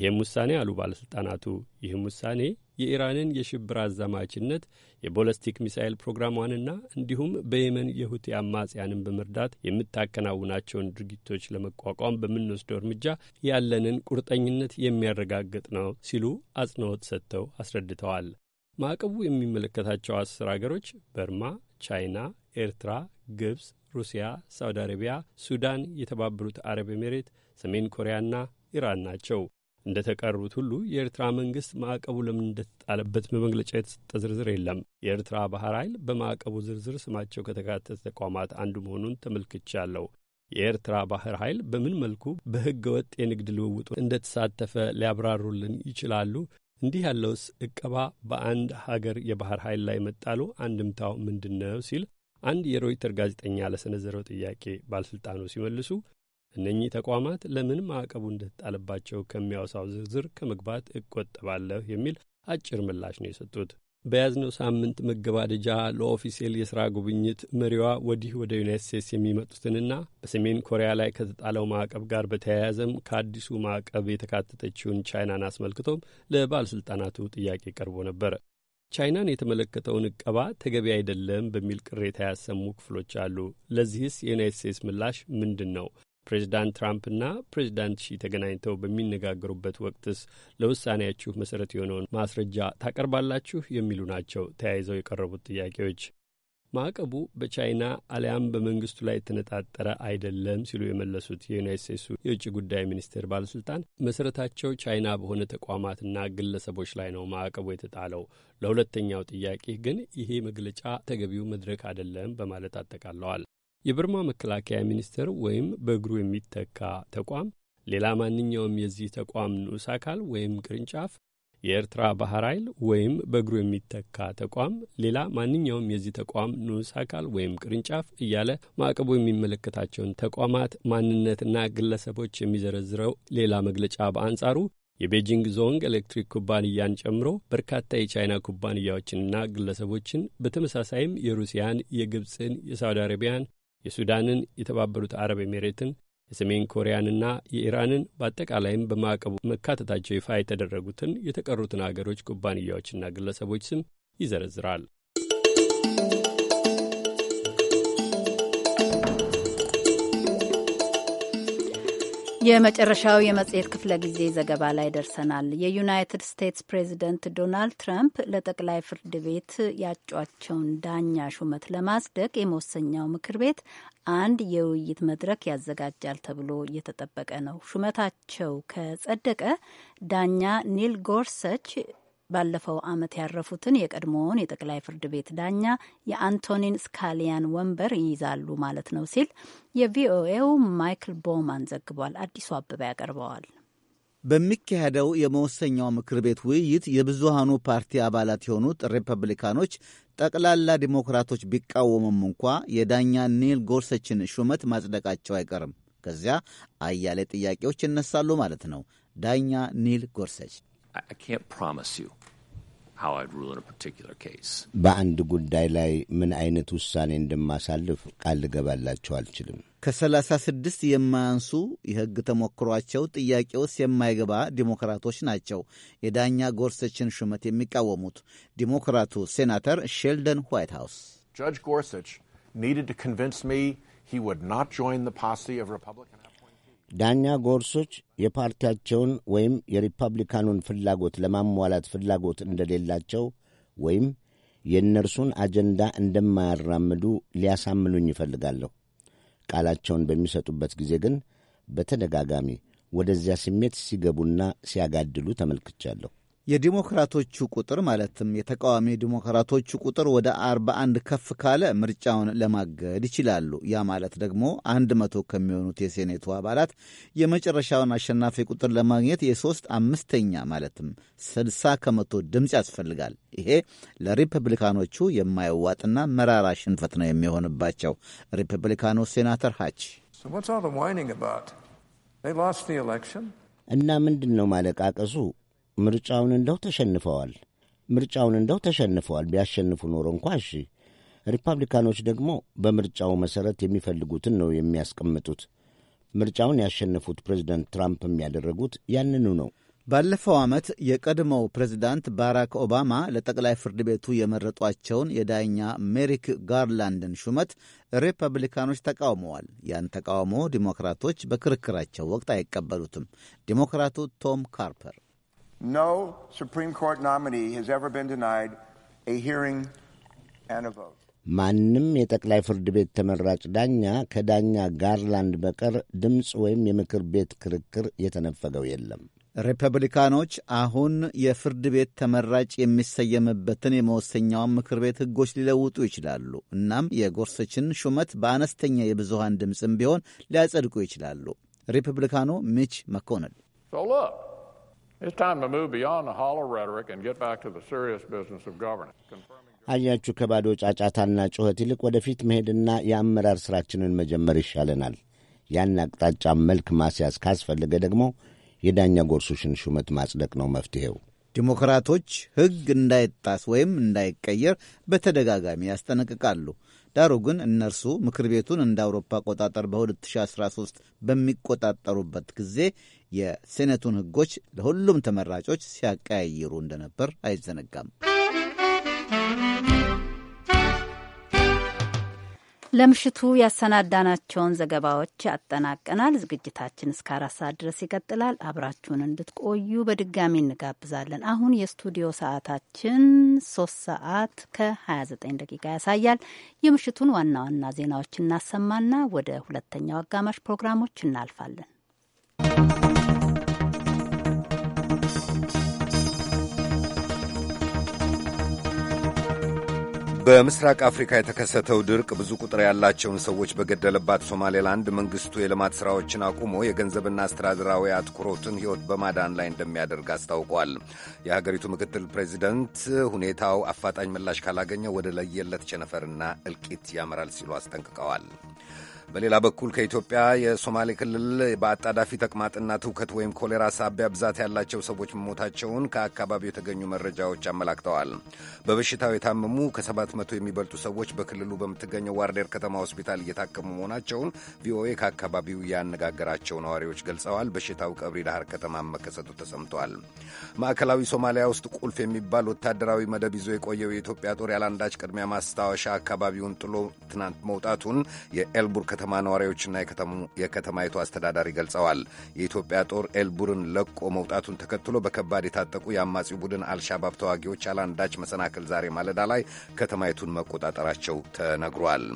ይህም ውሳኔ አሉ ባለሥልጣናቱ፣ ይህም ውሳኔ የኢራንን የሽብር አዛማችነት የቦለስቲክ ሚሳይል ፕሮግራሟንና እንዲሁም በየመን የሁቲ አማጽያንን በመርዳት የምታከናውናቸውን ድርጊቶች ለመቋቋም በምንወስደው እርምጃ ያለንን ቁርጠኝነት የሚያረጋግጥ ነው ሲሉ አጽንኦት ሰጥተው አስረድተዋል። ማዕቀቡ የሚመለከታቸው አስር አገሮች በርማ፣ ቻይና፣ ኤርትራ፣ ግብፅ፣ ሩሲያ፣ ሳውዲ አረቢያ፣ ሱዳን፣ የተባበሩት አረብ ኤሜሬት፣ ሰሜን ኮሪያና ኢራን ናቸው። እንደ ተቀሩት ሁሉ የኤርትራ መንግስት ማዕቀቡ ለምን እንደተጣለበት በመግለጫ የተሰጠ ዝርዝር የለም። የኤርትራ ባህር ኃይል በማዕቀቡ ዝርዝር ስማቸው ከተካተተ ተቋማት አንዱ መሆኑን ተመልክቻለሁ። የኤርትራ ባህር ኃይል በምን መልኩ በሕገ ወጥ የንግድ ልውውጡ እንደተሳተፈ ሊያብራሩልን ይችላሉ? እንዲህ ያለውስ እቀባ በአንድ ሀገር የባህር ኃይል ላይ መጣሉ አንድምታው ምንድን ነው? ሲል አንድ የሮይተር ጋዜጠኛ ለሰነዘረው ጥያቄ ባለሥልጣኑ ሲመልሱ እነኚህ ተቋማት ለምን ማዕቀቡ እንደተጣለባቸው ከሚያወሳው ዝርዝር ከመግባት እቆጠባለሁ የሚል አጭር ምላሽ ነው የሰጡት። በያዝነው ሳምንት መገባደጃ ለኦፊሴል የሥራ ጉብኝት መሪዋ ወዲህ ወደ ዩናይት ስቴትስ የሚመጡትንና በሰሜን ኮሪያ ላይ ከተጣለው ማዕቀብ ጋር በተያያዘም ከአዲሱ ማዕቀብ የተካተተችውን ቻይናን አስመልክቶም ለባለሥልጣናቱ ጥያቄ ቀርቦ ነበር። ቻይናን የተመለከተውን እቀባ ተገቢ አይደለም በሚል ቅሬታ ያሰሙ ክፍሎች አሉ። ለዚህስ የዩናይት ስቴትስ ምላሽ ምንድን ነው? ፕሬዚዳንት ትራምፕና ፕሬዚዳንት ሺ ተገናኝተው በሚነጋገሩበት ወቅትስ ለውሳኔያችሁ መሰረት የሆነውን ማስረጃ ታቀርባላችሁ የሚሉ ናቸው ተያይዘው የቀረቡት ጥያቄዎች። ማዕቀቡ በቻይና አሊያም በመንግስቱ ላይ የተነጣጠረ አይደለም ሲሉ የመለሱት የዩናይት ስቴትሱ የውጭ ጉዳይ ሚኒስቴር ባለስልጣን መሰረታቸው ቻይና በሆነ ተቋማትና ግለሰቦች ላይ ነው ማዕቀቡ የተጣለው። ለሁለተኛው ጥያቄ ግን ይሄ መግለጫ ተገቢው መድረክ አይደለም በማለት አጠቃለዋል። የበርማ መከላከያ ሚኒስቴር ወይም በእግሩ የሚተካ ተቋም ሌላ ማንኛውም የዚህ ተቋም ንዑስ አካል ወይም ቅርንጫፍ የኤርትራ ባህር ኃይል ወይም በእግሩ የሚተካ ተቋም ሌላ ማንኛውም የዚህ ተቋም ንዑስ አካል ወይም ቅርንጫፍ እያለ ማዕቀቡ የሚመለከታቸውን ተቋማት ማንነትና ግለሰቦች የሚዘረዝረው ሌላ መግለጫ በአንጻሩ የቤጂንግ ዞንግ ኤሌክትሪክ ኩባንያን ጨምሮ በርካታ የቻይና ኩባንያዎችንና ግለሰቦችን በተመሳሳይም የሩሲያን፣ የግብፅን፣ የሳውዲ አረቢያን የሱዳንን፣ የተባበሩት አረብ ኤሜሬትን፣ የሰሜን ኮሪያንና የኢራንን በአጠቃላይም በማዕቀቡ መካተታቸው ይፋ የተደረጉትን የተቀሩትን አገሮች ኩባንያዎችና ግለሰቦች ስም ይዘረዝራል። የመጨረሻው የመጽሔት ክፍለ ጊዜ ዘገባ ላይ ደርሰናል። የዩናይትድ ስቴትስ ፕሬዚደንት ዶናልድ ትራምፕ ለጠቅላይ ፍርድ ቤት ያጯቸውን ዳኛ ሹመት ለማጽደቅ የመወሰኛው ምክር ቤት አንድ የውይይት መድረክ ያዘጋጃል ተብሎ እየተጠበቀ ነው። ሹመታቸው ከጸደቀ ዳኛ ኒል ጎርሰች ባለፈው ዓመት ያረፉትን የቀድሞውን የጠቅላይ ፍርድ ቤት ዳኛ የአንቶኒን ስካሊያን ወንበር ይይዛሉ ማለት ነው ሲል የቪኦኤው ማይክል ቦማን ዘግቧል። አዲሱ አበባ ያቀርበዋል። በሚካሄደው የመወሰኛው ምክር ቤት ውይይት የብዙሃኑ ፓርቲ አባላት የሆኑት ሪፐብሊካኖች ጠቅላላ ዲሞክራቶች ቢቃወሙም እንኳ የዳኛ ኒል ጎርሰችን ሹመት ማጽደቃቸው አይቀርም። ከዚያ አያሌ ጥያቄዎች ይነሳሉ ማለት ነው። ዳኛ ኒል ጎርሰች I can't promise you how I'd rule in a particular case. በአንድ ጉዳይ ላይ ምን አይነት ውሳኔ እንደማሳልፍ ቃል ልገባላቸው አልችልም። ከሰላሳ ስድስት የማያንሱ የሕግ ተሞክሯቸው ጥያቄ ውስጥ የማይገባ ዲሞክራቶች ናቸው የዳኛ ጎርሰችን ሹመት የሚቃወሙት። ዲሞክራቱ ሴናተር ሼልደን ዋይት ሃውስ ጃጅ ጎርሰች ኒድድ to convince me he would not join the posse of Republican ዳኛ ጎርሶች የፓርቲያቸውን ወይም የሪፐብሊካኑን ፍላጎት ለማሟላት ፍላጎት እንደሌላቸው ወይም የእነርሱን አጀንዳ እንደማያራምዱ ሊያሳምኑኝ ይፈልጋለሁ። ቃላቸውን በሚሰጡበት ጊዜ ግን በተደጋጋሚ ወደዚያ ስሜት ሲገቡና ሲያጋድሉ ተመልክቻለሁ። የዲሞክራቶቹ ቁጥር ማለትም የተቃዋሚ ዲሞክራቶቹ ቁጥር ወደ 41 ከፍ ካለ ምርጫውን ለማገድ ይችላሉ። ያ ማለት ደግሞ 100 ከሚሆኑት የሴኔቱ አባላት የመጨረሻውን አሸናፊ ቁጥር ለማግኘት የሶስት አምስተኛ ማለትም 60 ከመቶ ድምፅ ያስፈልጋል። ይሄ ለሪፐብሊካኖቹ የማይዋጥና መራራ ሽንፈት ነው የሚሆንባቸው። ሪፐብሊካኑ ሴናተር ሃች እና ምንድን ነው ማለቃቀሱ ምርጫውን እንደው ተሸንፈዋል ምርጫውን እንደው ተሸንፈዋል ቢያሸንፉ ኖሮ እንኳ እሺ። ሪፐብሊካኖች ደግሞ በምርጫው መሠረት የሚፈልጉትን ነው የሚያስቀምጡት። ምርጫውን ያሸነፉት ፕሬዚደንት ትራምፕም ያደረጉት ያንኑ ነው። ባለፈው ዓመት የቀድሞው ፕሬዚዳንት ባራክ ኦባማ ለጠቅላይ ፍርድ ቤቱ የመረጧቸውን የዳኛ ሜሪክ ጋርላንድን ሹመት ሪፐብሊካኖች ተቃውመዋል። ያን ተቃውሞ ዲሞክራቶች በክርክራቸው ወቅት አይቀበሉትም። ዲሞክራቱ ቶም ካርፐር No Supreme Court nominee has ever been denied a hearing and a vote. ማንም የጠቅላይ ፍርድ ቤት ተመራጭ ዳኛ ከዳኛ ጋርላንድ በቀር ድምፅ ወይም የምክር ቤት ክርክር የተነፈገው የለም። ሪፐብሊካኖች አሁን የፍርድ ቤት ተመራጭ የሚሰየምበትን የመወሰኛውን ምክር ቤት ሕጎች ሊለውጡ ይችላሉ። እናም የጎርሰችን ሹመት በአነስተኛ የብዙሃን ድምፅም ቢሆን ሊያጸድቁ ይችላሉ። ሪፐብሊካኑ ሚች መኮነል It's time to move beyond the hollow rhetoric and get back to the serious business of governance. አያችሁ ከባዶ ጫጫታና ጩኸት ይልቅ ወደፊት መሄድና የአመራር ስራችንን መጀመር ይሻለናል። ያን አቅጣጫ መልክ ማስያዝ ካስፈለገ ደግሞ የዳኛ ጎርሶሽን ሹመት ማጽደቅ ነው መፍትሔው። ዲሞክራቶች ሕግ እንዳይጣስ ወይም እንዳይቀየር በተደጋጋሚ ያስጠነቅቃሉ። ዳሩ ግን እነርሱ ምክር ቤቱን እንደ አውሮፓ አቆጣጠር በ2013 በሚቆጣጠሩበት ጊዜ የሴኔቱን ሕጎች ለሁሉም ተመራጮች ሲያቀያይሩ እንደነበር አይዘነጋም። ለምሽቱ ያሰናዳናቸውን ዘገባዎች አጠናቀናል። ዝግጅታችን እስከ አራት ሰዓት ድረስ ይቀጥላል። አብራችሁን እንድትቆዩ በድጋሚ እንጋብዛለን። አሁን የስቱዲዮ ሰዓታችን ሶስት ሰዓት ከ29 ደቂቃ ያሳያል። የምሽቱን ዋና ዋና ዜናዎች እናሰማና ወደ ሁለተኛው አጋማሽ ፕሮግራሞች እናልፋለን። በምስራቅ አፍሪካ የተከሰተው ድርቅ ብዙ ቁጥር ያላቸውን ሰዎች በገደለባት ሶማሌላንድ መንግሥቱ የልማት ሥራዎችን አቁሞ የገንዘብና አስተዳደራዊ አትኩሮትን ሕይወት በማዳን ላይ እንደሚያደርግ አስታውቋል። የሀገሪቱ ምክትል ፕሬዚደንት ሁኔታው አፋጣኝ ምላሽ ካላገኘ ወደ ለየለት ቸነፈርና እልቂት ያመራል ሲሉ አስጠንቅቀዋል። በሌላ በኩል ከኢትዮጵያ የሶማሌ ክልል በአጣዳፊ ተቅማጥና ትውከት ወይም ኮሌራ ሳቢያ ብዛት ያላቸው ሰዎች መሞታቸውን ከአካባቢው የተገኙ መረጃዎች አመላክተዋል። በበሽታው የታመሙ ከ700 የሚበልጡ ሰዎች በክልሉ በምትገኘው ዋርዴር ከተማ ሆስፒታል እየታከሙ መሆናቸውን ቪኦኤ ከአካባቢው ያነጋገራቸው ነዋሪዎች ገልጸዋል። በሽታው ቀብሪ ዳህር ከተማ መከሰቱ ተሰምቷል። ማዕከላዊ ሶማሊያ ውስጥ ቁልፍ የሚባል ወታደራዊ መደብ ይዞ የቆየው የኢትዮጵያ ጦር ያላንዳች ቅድሚያ ማስታወሻ አካባቢውን ጥሎ ትናንት መውጣቱን የኤልቡር ከተማ ከተማ ነዋሪዎችና የከተማይቱ አስተዳዳሪ ገልጸዋል። የኢትዮጵያ ጦር ኤልቡርን ለቆ መውጣቱን ተከትሎ በከባድ የታጠቁ የአማጺው ቡድን አልሻባብ ተዋጊዎች አላንዳች መሰናክል ዛሬ ማለዳ ላይ ከተማይቱን መቆጣጠራቸው ተነግሯል።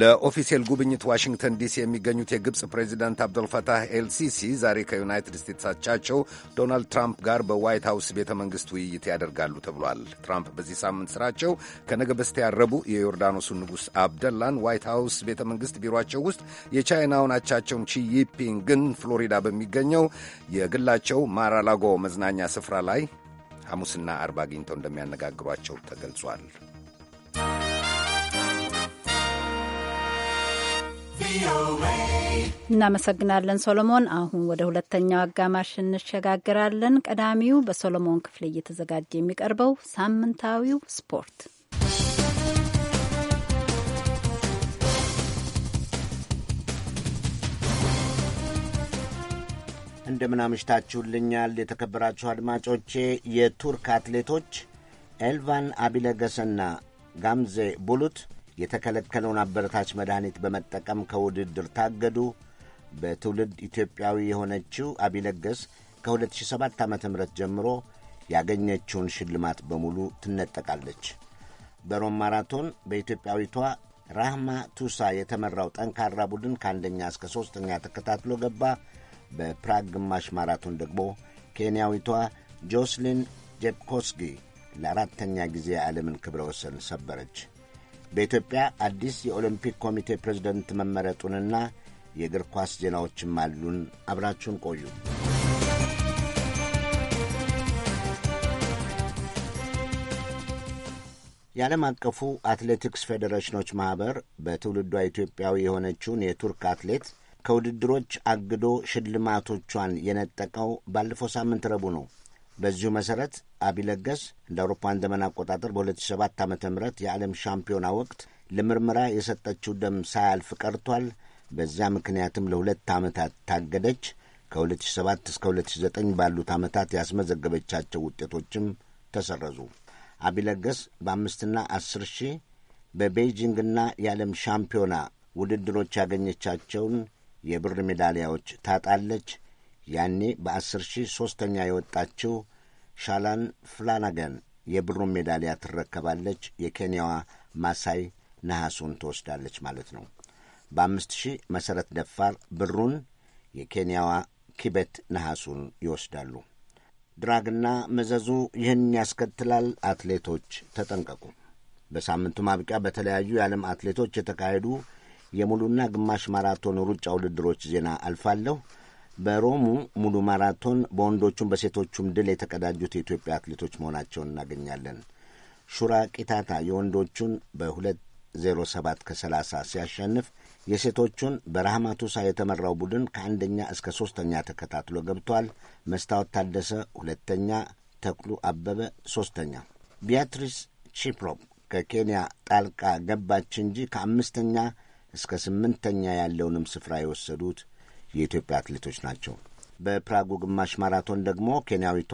ለኦፊሴል ጉብኝት ዋሽንግተን ዲሲ የሚገኙት የግብፅ ፕሬዚዳንት አብደልፈታህ ኤልሲሲ ዛሬ ከዩናይትድ ስቴትስ አቻቸው ዶናልድ ትራምፕ ጋር በዋይት ሀውስ ቤተ መንግሥት ውይይት ያደርጋሉ ተብሏል። ትራምፕ በዚህ ሳምንት ስራቸው ከነገ በስቲያ ረቡዕ የዮርዳኖሱን ንጉሥ አብደላን ዋይት ሀውስ ቤተ መንግሥት ቢሮቸው ውስጥ፣ የቻይናውን አቻቸውን ቺይፒንግን ፍሎሪዳ በሚገኘው የግላቸው ማራላጎ መዝናኛ ስፍራ ላይ ሐሙስና አርብ አግኝተው እንደሚያነጋግሯቸው ተገልጿል። እናመሰግናለን ሶሎሞን። አሁን ወደ ሁለተኛው አጋማሽ እንሸጋግራለን። ቀዳሚው በሶሎሞን ክፍል እየተዘጋጀ የሚቀርበው ሳምንታዊው ስፖርት እንደምን አምሽታችሁልኛል የተከበራችሁ አድማጮቼ። የቱርክ አትሌቶች ኤልቫን አቢለገሰና ጋምዜ ቡሉት የተከለከለውን አበረታች መድኃኒት በመጠቀም ከውድድር ታገዱ። በትውልድ ኢትዮጵያዊ የሆነችው አቢለገስ ከ2007 ዓ ም ጀምሮ ያገኘችውን ሽልማት በሙሉ ትነጠቃለች። በሮም ማራቶን በኢትዮጵያዊቷ ራህማ ቱሳ የተመራው ጠንካራ ቡድን ከአንደኛ እስከ ሦስተኛ ተከታትሎ ገባ። በፕራግ ግማሽ ማራቶን ደግሞ ኬንያዊቷ ጆስሊን ጄፕኮስጊ ለአራተኛ ጊዜ የዓለምን ክብረ ወሰን ሰበረች። በኢትዮጵያ አዲስ የኦሎምፒክ ኮሚቴ ፕሬዝደንት መመረጡንና የእግር ኳስ ዜናዎችም አሉን። አብራችሁን ቆዩ። የዓለም አቀፉ አትሌቲክስ ፌዴሬሽኖች ማኅበር በትውልዷ ኢትዮጵያዊ የሆነችውን የቱርክ አትሌት ከውድድሮች አግዶ ሽልማቶቿን የነጠቀው ባለፈው ሳምንት ረቡዕ ነው። በዚሁ መሠረት አቢለገስ እንደ አውሮፓውያን ዘመን አቆጣጠር በ2007 ዓ ም የዓለም ሻምፒዮና ወቅት ለምርመራ የሰጠችው ደም ሳያልፍ ቀርቷል። በዚያ ምክንያትም ለሁለት ዓመታት ታገደች። ከ2007 እስከ 2009 ባሉት ዓመታት ያስመዘገበቻቸው ውጤቶችም ተሰረዙ። አቢለገስ በአምስትና አስር ሺህ በቤይጂንግና የዓለም ሻምፒዮና ውድድሮች ያገኘቻቸውን የብር ሜዳሊያዎች ታጣለች። ያኔ በአስር ሺህ ሦስተኛ የወጣችው ሻላን ፍላናገን የብሩን ሜዳሊያ ትረከባለች። የኬንያዋ ማሳይ ነሐሱን ትወስዳለች ማለት ነው። በአምስት ሺህ መሠረት ደፋር ብሩን፣ የኬንያዋ ኪቤት ነሐሱን ይወስዳሉ። ድራግና መዘዙ ይህን ያስከትላል። አትሌቶች ተጠንቀቁ። በሳምንቱ ማብቂያ በተለያዩ የዓለም አትሌቶች የተካሄዱ የሙሉና ግማሽ ማራቶን ሩጫ ውድድሮች ዜና አልፋለሁ። በሮሙ ሙሉ ማራቶን በወንዶቹም በሴቶቹም ድል የተቀዳጁት የኢትዮጵያ አትሌቶች መሆናቸውን እናገኛለን። ሹራ ቂታታ የወንዶቹን በ207 ከ30 ሲያሸንፍ የሴቶቹን በረሃማ የተመራው ቡድን ከአንደኛ እስከ ሶስተኛ ተከታትሎ ገብቷል። መስታወት ታደሰ ሁለተኛ፣ ተክሉ አበበ ሶስተኛ። ቢያትሪስ ቺፕሮፕ ከኬንያ ጣልቃ ገባች እንጂ ከአምስተኛ እስከ ስምንተኛ ያለውንም ስፍራ የወሰዱት የኢትዮጵያ አትሌቶች ናቸው። በፕራጉ ግማሽ ማራቶን ደግሞ ኬንያዊቷ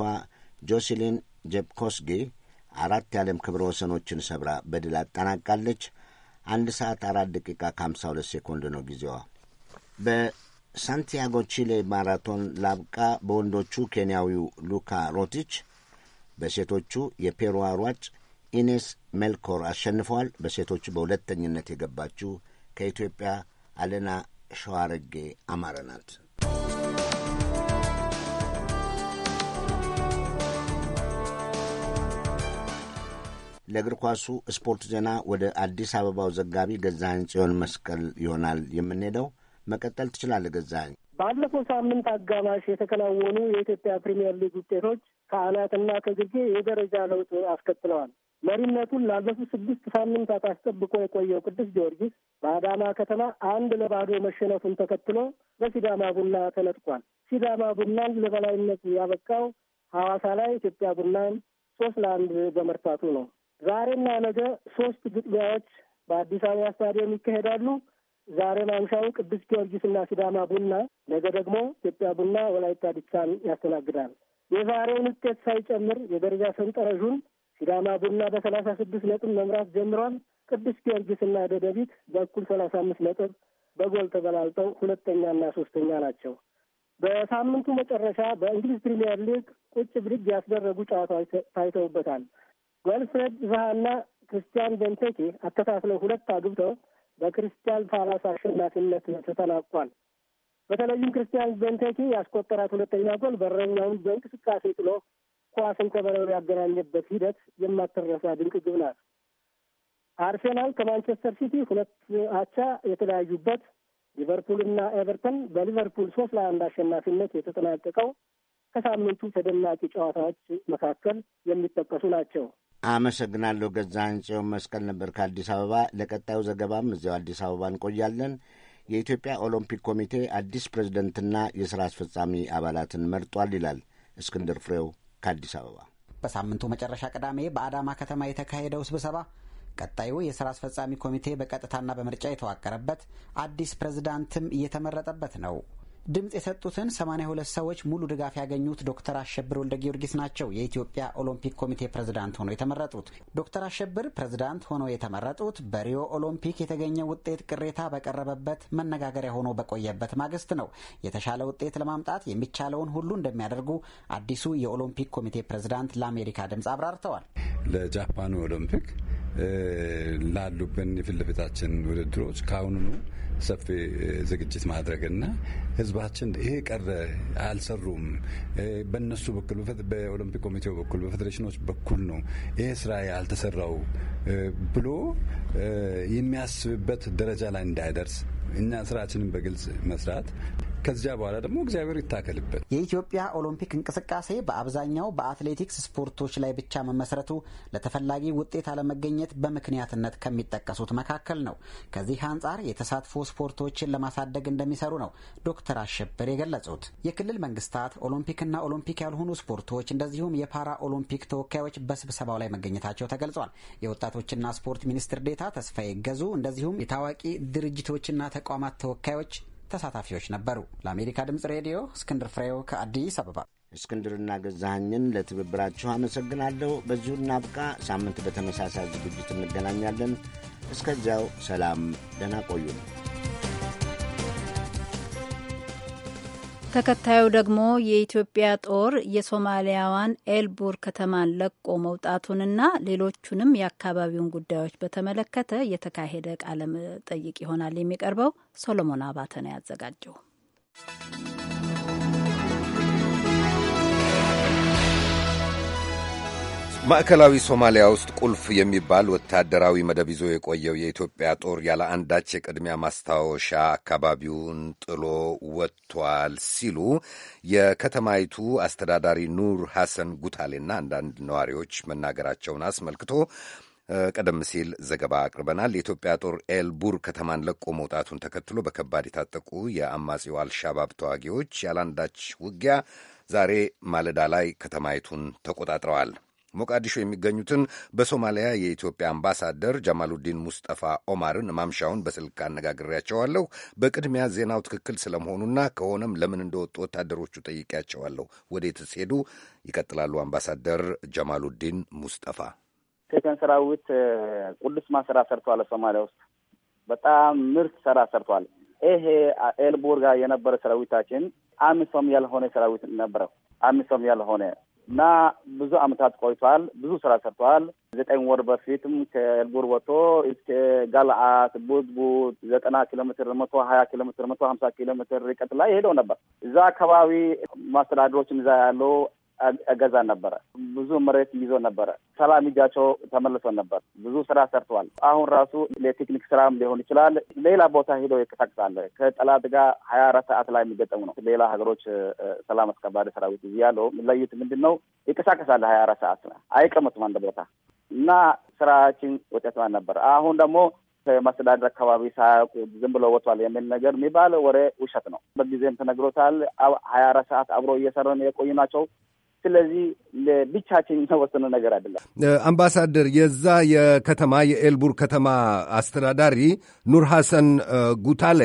ጆሴሊን ጄፕኮስጌ አራት የዓለም ክብረ ወሰኖችን ሰብራ በድል አጠናቃለች። አንድ ሰዓት አራት ደቂቃ ከሀምሳ ሁለት ሴኮንድ ነው ጊዜዋ። በሳንቲያጎ ቺሌ ማራቶን ላብቃ። በወንዶቹ ኬንያዊው ሉካ ሮቲች፣ በሴቶቹ የፔሯ ሯጭ ኢኔስ ሜልኮር አሸንፈዋል። በሴቶቹ በሁለተኝነት የገባችው ከኢትዮጵያ አለና ሸዋረጌ አማረናት። ለእግር ኳሱ ስፖርት ዜና ወደ አዲስ አበባው ዘጋቢ ገዛኸኝ ጽዮን መስቀል ይሆናል የምንሄደው። መቀጠል ትችላለህ ገዛኸኝ። ባለፈው ሳምንት አጋማሽ የተከናወኑ የኢትዮጵያ ፕሪምየር ሊግ ውጤቶች ከአናትና ከግርጌ የደረጃ ለውጥ አስከትለዋል። መሪነቱን ላለፉት ስድስት ሳምንታት አስጠብቆ የቆየው ቅዱስ ጊዮርጊስ በአዳማ ከተማ አንድ ለባዶ መሸነፉን ተከትሎ በሲዳማ ቡና ተነጥቋል። ሲዳማ ቡናን ለበላይነት ያበቃው ሐዋሳ ላይ ኢትዮጵያ ቡናን ሶስት ለአንድ በመርታቱ ነው። ዛሬና ነገ ሶስት ግጥሚያዎች በአዲስ አበባ ስታዲየም ይካሄዳሉ። ዛሬ ማምሻው ቅዱስ ጊዮርጊስና ሲዳማ ቡና፣ ነገ ደግሞ ኢትዮጵያ ቡና ወላይታ ዲቻን ያስተናግዳል። የዛሬውን ውጤት ሳይጨምር የደረጃ ሰንጠረዡን ሲዳማ ቡና በሰላሳ ስድስት ነጥብ መምራት ጀምሯል። ቅዱስ ጊዮርጊስና ደደቢት በእኩል ሰላሳ አምስት ነጥብ በጎል ተበላልጠው ሁለተኛና ሶስተኛ ናቸው። በሳምንቱ መጨረሻ በእንግሊዝ ፕሪሚየር ሊግ ቁጭ ብድግ ያስደረጉ ጨዋታዎች ታይተውበታል። ጓልፍሬድ ዛሃና ክርስቲያን ቤንቴኬ አከታትለው ሁለት አግብተው በክርስቲያን ፓላስ አሸናፊነት ተጠናቋል። በተለይም ክርስቲያን ቤንቴኬ ያስቆጠራት ሁለተኛ ጎል በረኛውን በእንቅስቃሴ ጥሎ ኳስን ከበረሮ ያገናኘበት ሂደት የማትረሳ ድንቅ ግብ ናት። አርሴናል ከማንቸስተር ሲቲ ሁለት አቻ የተለያዩበት፣ ሊቨርፑልና ኤቨርተን በሊቨርፑል ሶስት ለአንድ አሸናፊነት የተጠናቀቀው ከሳምንቱ ተደናቂ ጨዋታዎች መካከል የሚጠቀሱ ናቸው። አመሰግናለሁ። ገዛ ጽዮን መስቀል ነበር ከአዲስ አበባ። ለቀጣዩ ዘገባም እዚያው አዲስ አበባ እንቆያለን። የኢትዮጵያ ኦሎምፒክ ኮሚቴ አዲስ ፕሬዝደንትና የሥራ አስፈጻሚ አባላትን መርጧል ይላል እስክንድር ፍሬው ከአዲስ አበባ በሳምንቱ መጨረሻ ቅዳሜ በአዳማ ከተማ የተካሄደው ስብሰባ ቀጣዩ የስራ አስፈጻሚ ኮሚቴ በቀጥታና በምርጫ የተዋቀረበት አዲስ ፕሬዝዳንትም እየተመረጠበት ነው። ድምፅ የሰጡትን 82 ሰዎች ሙሉ ድጋፍ ያገኙት ዶክተር አሸብር ወልደ ጊዮርጊስ ናቸው የኢትዮጵያ ኦሎምፒክ ኮሚቴ ፕሬዝዳንት ሆነው የተመረጡት። ዶክተር አሸብር ፕሬዝዳንት ሆነው የተመረጡት በሪዮ ኦሎምፒክ የተገኘ ውጤት ቅሬታ በቀረበበት መነጋገሪያ ሆኖ በቆየበት ማግስት ነው። የተሻለ ውጤት ለማምጣት የሚቻለውን ሁሉ እንደሚያደርጉ አዲሱ የኦሎምፒክ ኮሚቴ ፕሬዝዳንት ለአሜሪካ ድምፅ አብራርተዋል። ለጃፓኑ ኦሎምፒክ ላሉብን የፊት ለፊታችን ውድድሮች ከአሁኑኑ ሰፊ ዝግጅት ማድረግና ህዝባችን ይሄ ቀረ አልሰሩም፣ በነሱ በኩል በኦሎምፒክ ኮሚቴው በኩል በፌዴሬሽኖች በኩል ነው ይሄ ስራ ያልተሰራው ብሎ የሚያስብበት ደረጃ ላይ እንዳይደርስ እኛ ስራችንን በግልጽ መስራት ከዚያ በኋላ ደግሞ እግዚአብሔር ይታከልበት። የኢትዮጵያ ኦሎምፒክ እንቅስቃሴ በአብዛኛው በአትሌቲክስ ስፖርቶች ላይ ብቻ መመስረቱ ለተፈላጊ ውጤት አለመገኘት በምክንያትነት ከሚጠቀሱት መካከል ነው። ከዚህ አንጻር የተሳትፎ ስፖርቶችን ለማሳደግ እንደሚሰሩ ነው ዶክተር አሸብር የገለጹት። የክልል መንግስታት ኦሎምፒክና ኦሎምፒክ ያልሆኑ ስፖርቶች እንደዚሁም የፓራ ኦሎምፒክ ተወካዮች በስብሰባው ላይ መገኘታቸው ተገልጿል። የወጣቶችና ስፖርት ሚኒስትር ዴታ ተስፋዬ ገዙ እንደዚሁም የታዋቂ ድርጅቶችና ተቋማት ተወካዮች ተሳታፊዎች ነበሩ። ለአሜሪካ ድምፅ ሬዲዮ እስክንድር ፍሬው ከአዲስ አበባ። እስክንድርና ገዛሃኝን ለትብብራችሁ አመሰግናለሁ። በዚሁ እናብቃ። ሳምንት በተመሳሳይ ዝግጅት እንገናኛለን። እስከዚያው ሰላም፣ ደህና ቆዩ ነው ተከታዩ ደግሞ የኢትዮጵያ ጦር የሶማሊያዋን ኤልቡር ከተማን ለቆ መውጣቱንና ሌሎቹንም የአካባቢውን ጉዳዮች በተመለከተ የተካሄደ ቃለ መጠይቅ ይሆናል የሚቀርበው። ሶሎሞን አባተ ነው ያዘጋጀው። ማዕከላዊ ሶማሊያ ውስጥ ቁልፍ የሚባል ወታደራዊ መደብ ይዞ የቆየው የኢትዮጵያ ጦር ያለ አንዳች የቅድሚያ ማስታወሻ አካባቢውን ጥሎ ወጥቷል ሲሉ የከተማይቱ አስተዳዳሪ ኑር ሐሰን ጉታሌና አንዳንድ ነዋሪዎች መናገራቸውን አስመልክቶ ቀደም ሲል ዘገባ አቅርበናል። የኢትዮጵያ ጦር ኤልቡር ከተማን ለቆ መውጣቱን ተከትሎ በከባድ የታጠቁ የአማጺው አልሻባብ ተዋጊዎች ያለ አንዳች ውጊያ ዛሬ ማለዳ ላይ ከተማይቱን ተቆጣጥረዋል። ሞቃዲሾ የሚገኙትን በሶማሊያ የኢትዮጵያ አምባሳደር ጀማሉዲን ሙስጠፋ ኦማርን ማምሻውን በስልክ አነጋግሬያቸዋለሁ። በቅድሚያ ዜናው ትክክል ስለመሆኑና ከሆነም ለምን እንደወጡ ወታደሮቹ ጠይቄያቸዋለሁ። ወዴትስ ሄዱ? ይቀጥላሉ አምባሳደር ጀማሉዲን ሙስጠፋ። ኢትዮጵያን ሰራዊት ቁልስ ማሰራ ሰርተዋል። ሶማሊያ ውስጥ በጣም ምርት ሰራ ሰርተዋል። ይሄ ኤልቦርጋ የነበረ ሰራዊታችን አሚሶም ያልሆነ ሰራዊት ነበረው። አሚሶም ያልሆነ እና ብዙ አመታት ቆይቷል። ብዙ ስራ ሰርተዋል። ዘጠኝ ወር በፊትም ከኤልቡር ወጥቶ እስከ ጋልአት፣ ቡትቡት ዘጠና ኪሎ ሜትር፣ መቶ ሀያ ኪሎ ሜትር፣ መቶ ሀምሳ ኪሎ ሜትር ርቀት ላይ ሄደው ነበር። እዛ አካባቢ ማስተዳድሮችም እዛ ያለው ያገዛ ነበረ። ብዙ መሬት ይዞ ነበረ። ሰላም ይጃቸው ተመልሶ ነበር። ብዙ ስራ ሰርተዋል። አሁን ራሱ ለቴክኒክ ስራም ሊሆን ይችላል። ሌላ ቦታ ሂዶ ይቀሳቅሳል። ከጠላት ጋር ሀያ አራት ሰዓት ላይ የሚገጠሙ ነው። ሌላ ሀገሮች ሰላም አስከባሪ ሰራዊት እዚህ ያለው የሚለዩት ምንድን ነው? ይቀሳቀሳል። ሀያ አራት ሰዓት አይቀመጡም አንድ ቦታ እና ስራችን ውጤትማ ነበር። አሁን ደግሞ ከማስተዳደር አካባቢ ሳያውቁ ዝም ብሎ ወጥቷል የሚል ነገር የሚባል ወሬ ውሸት ነው። በጊዜም ተነግሮታል። ሀያ አራት ሰዓት አብሮ እየሰረን የቆዩ ናቸው። ስለዚህ ብቻችን የተወሰነ ነገር አይደለም። አምባሳደር፣ የዛ የከተማ የኤልቡር ከተማ አስተዳዳሪ ኑር ሐሰን ጉታሌ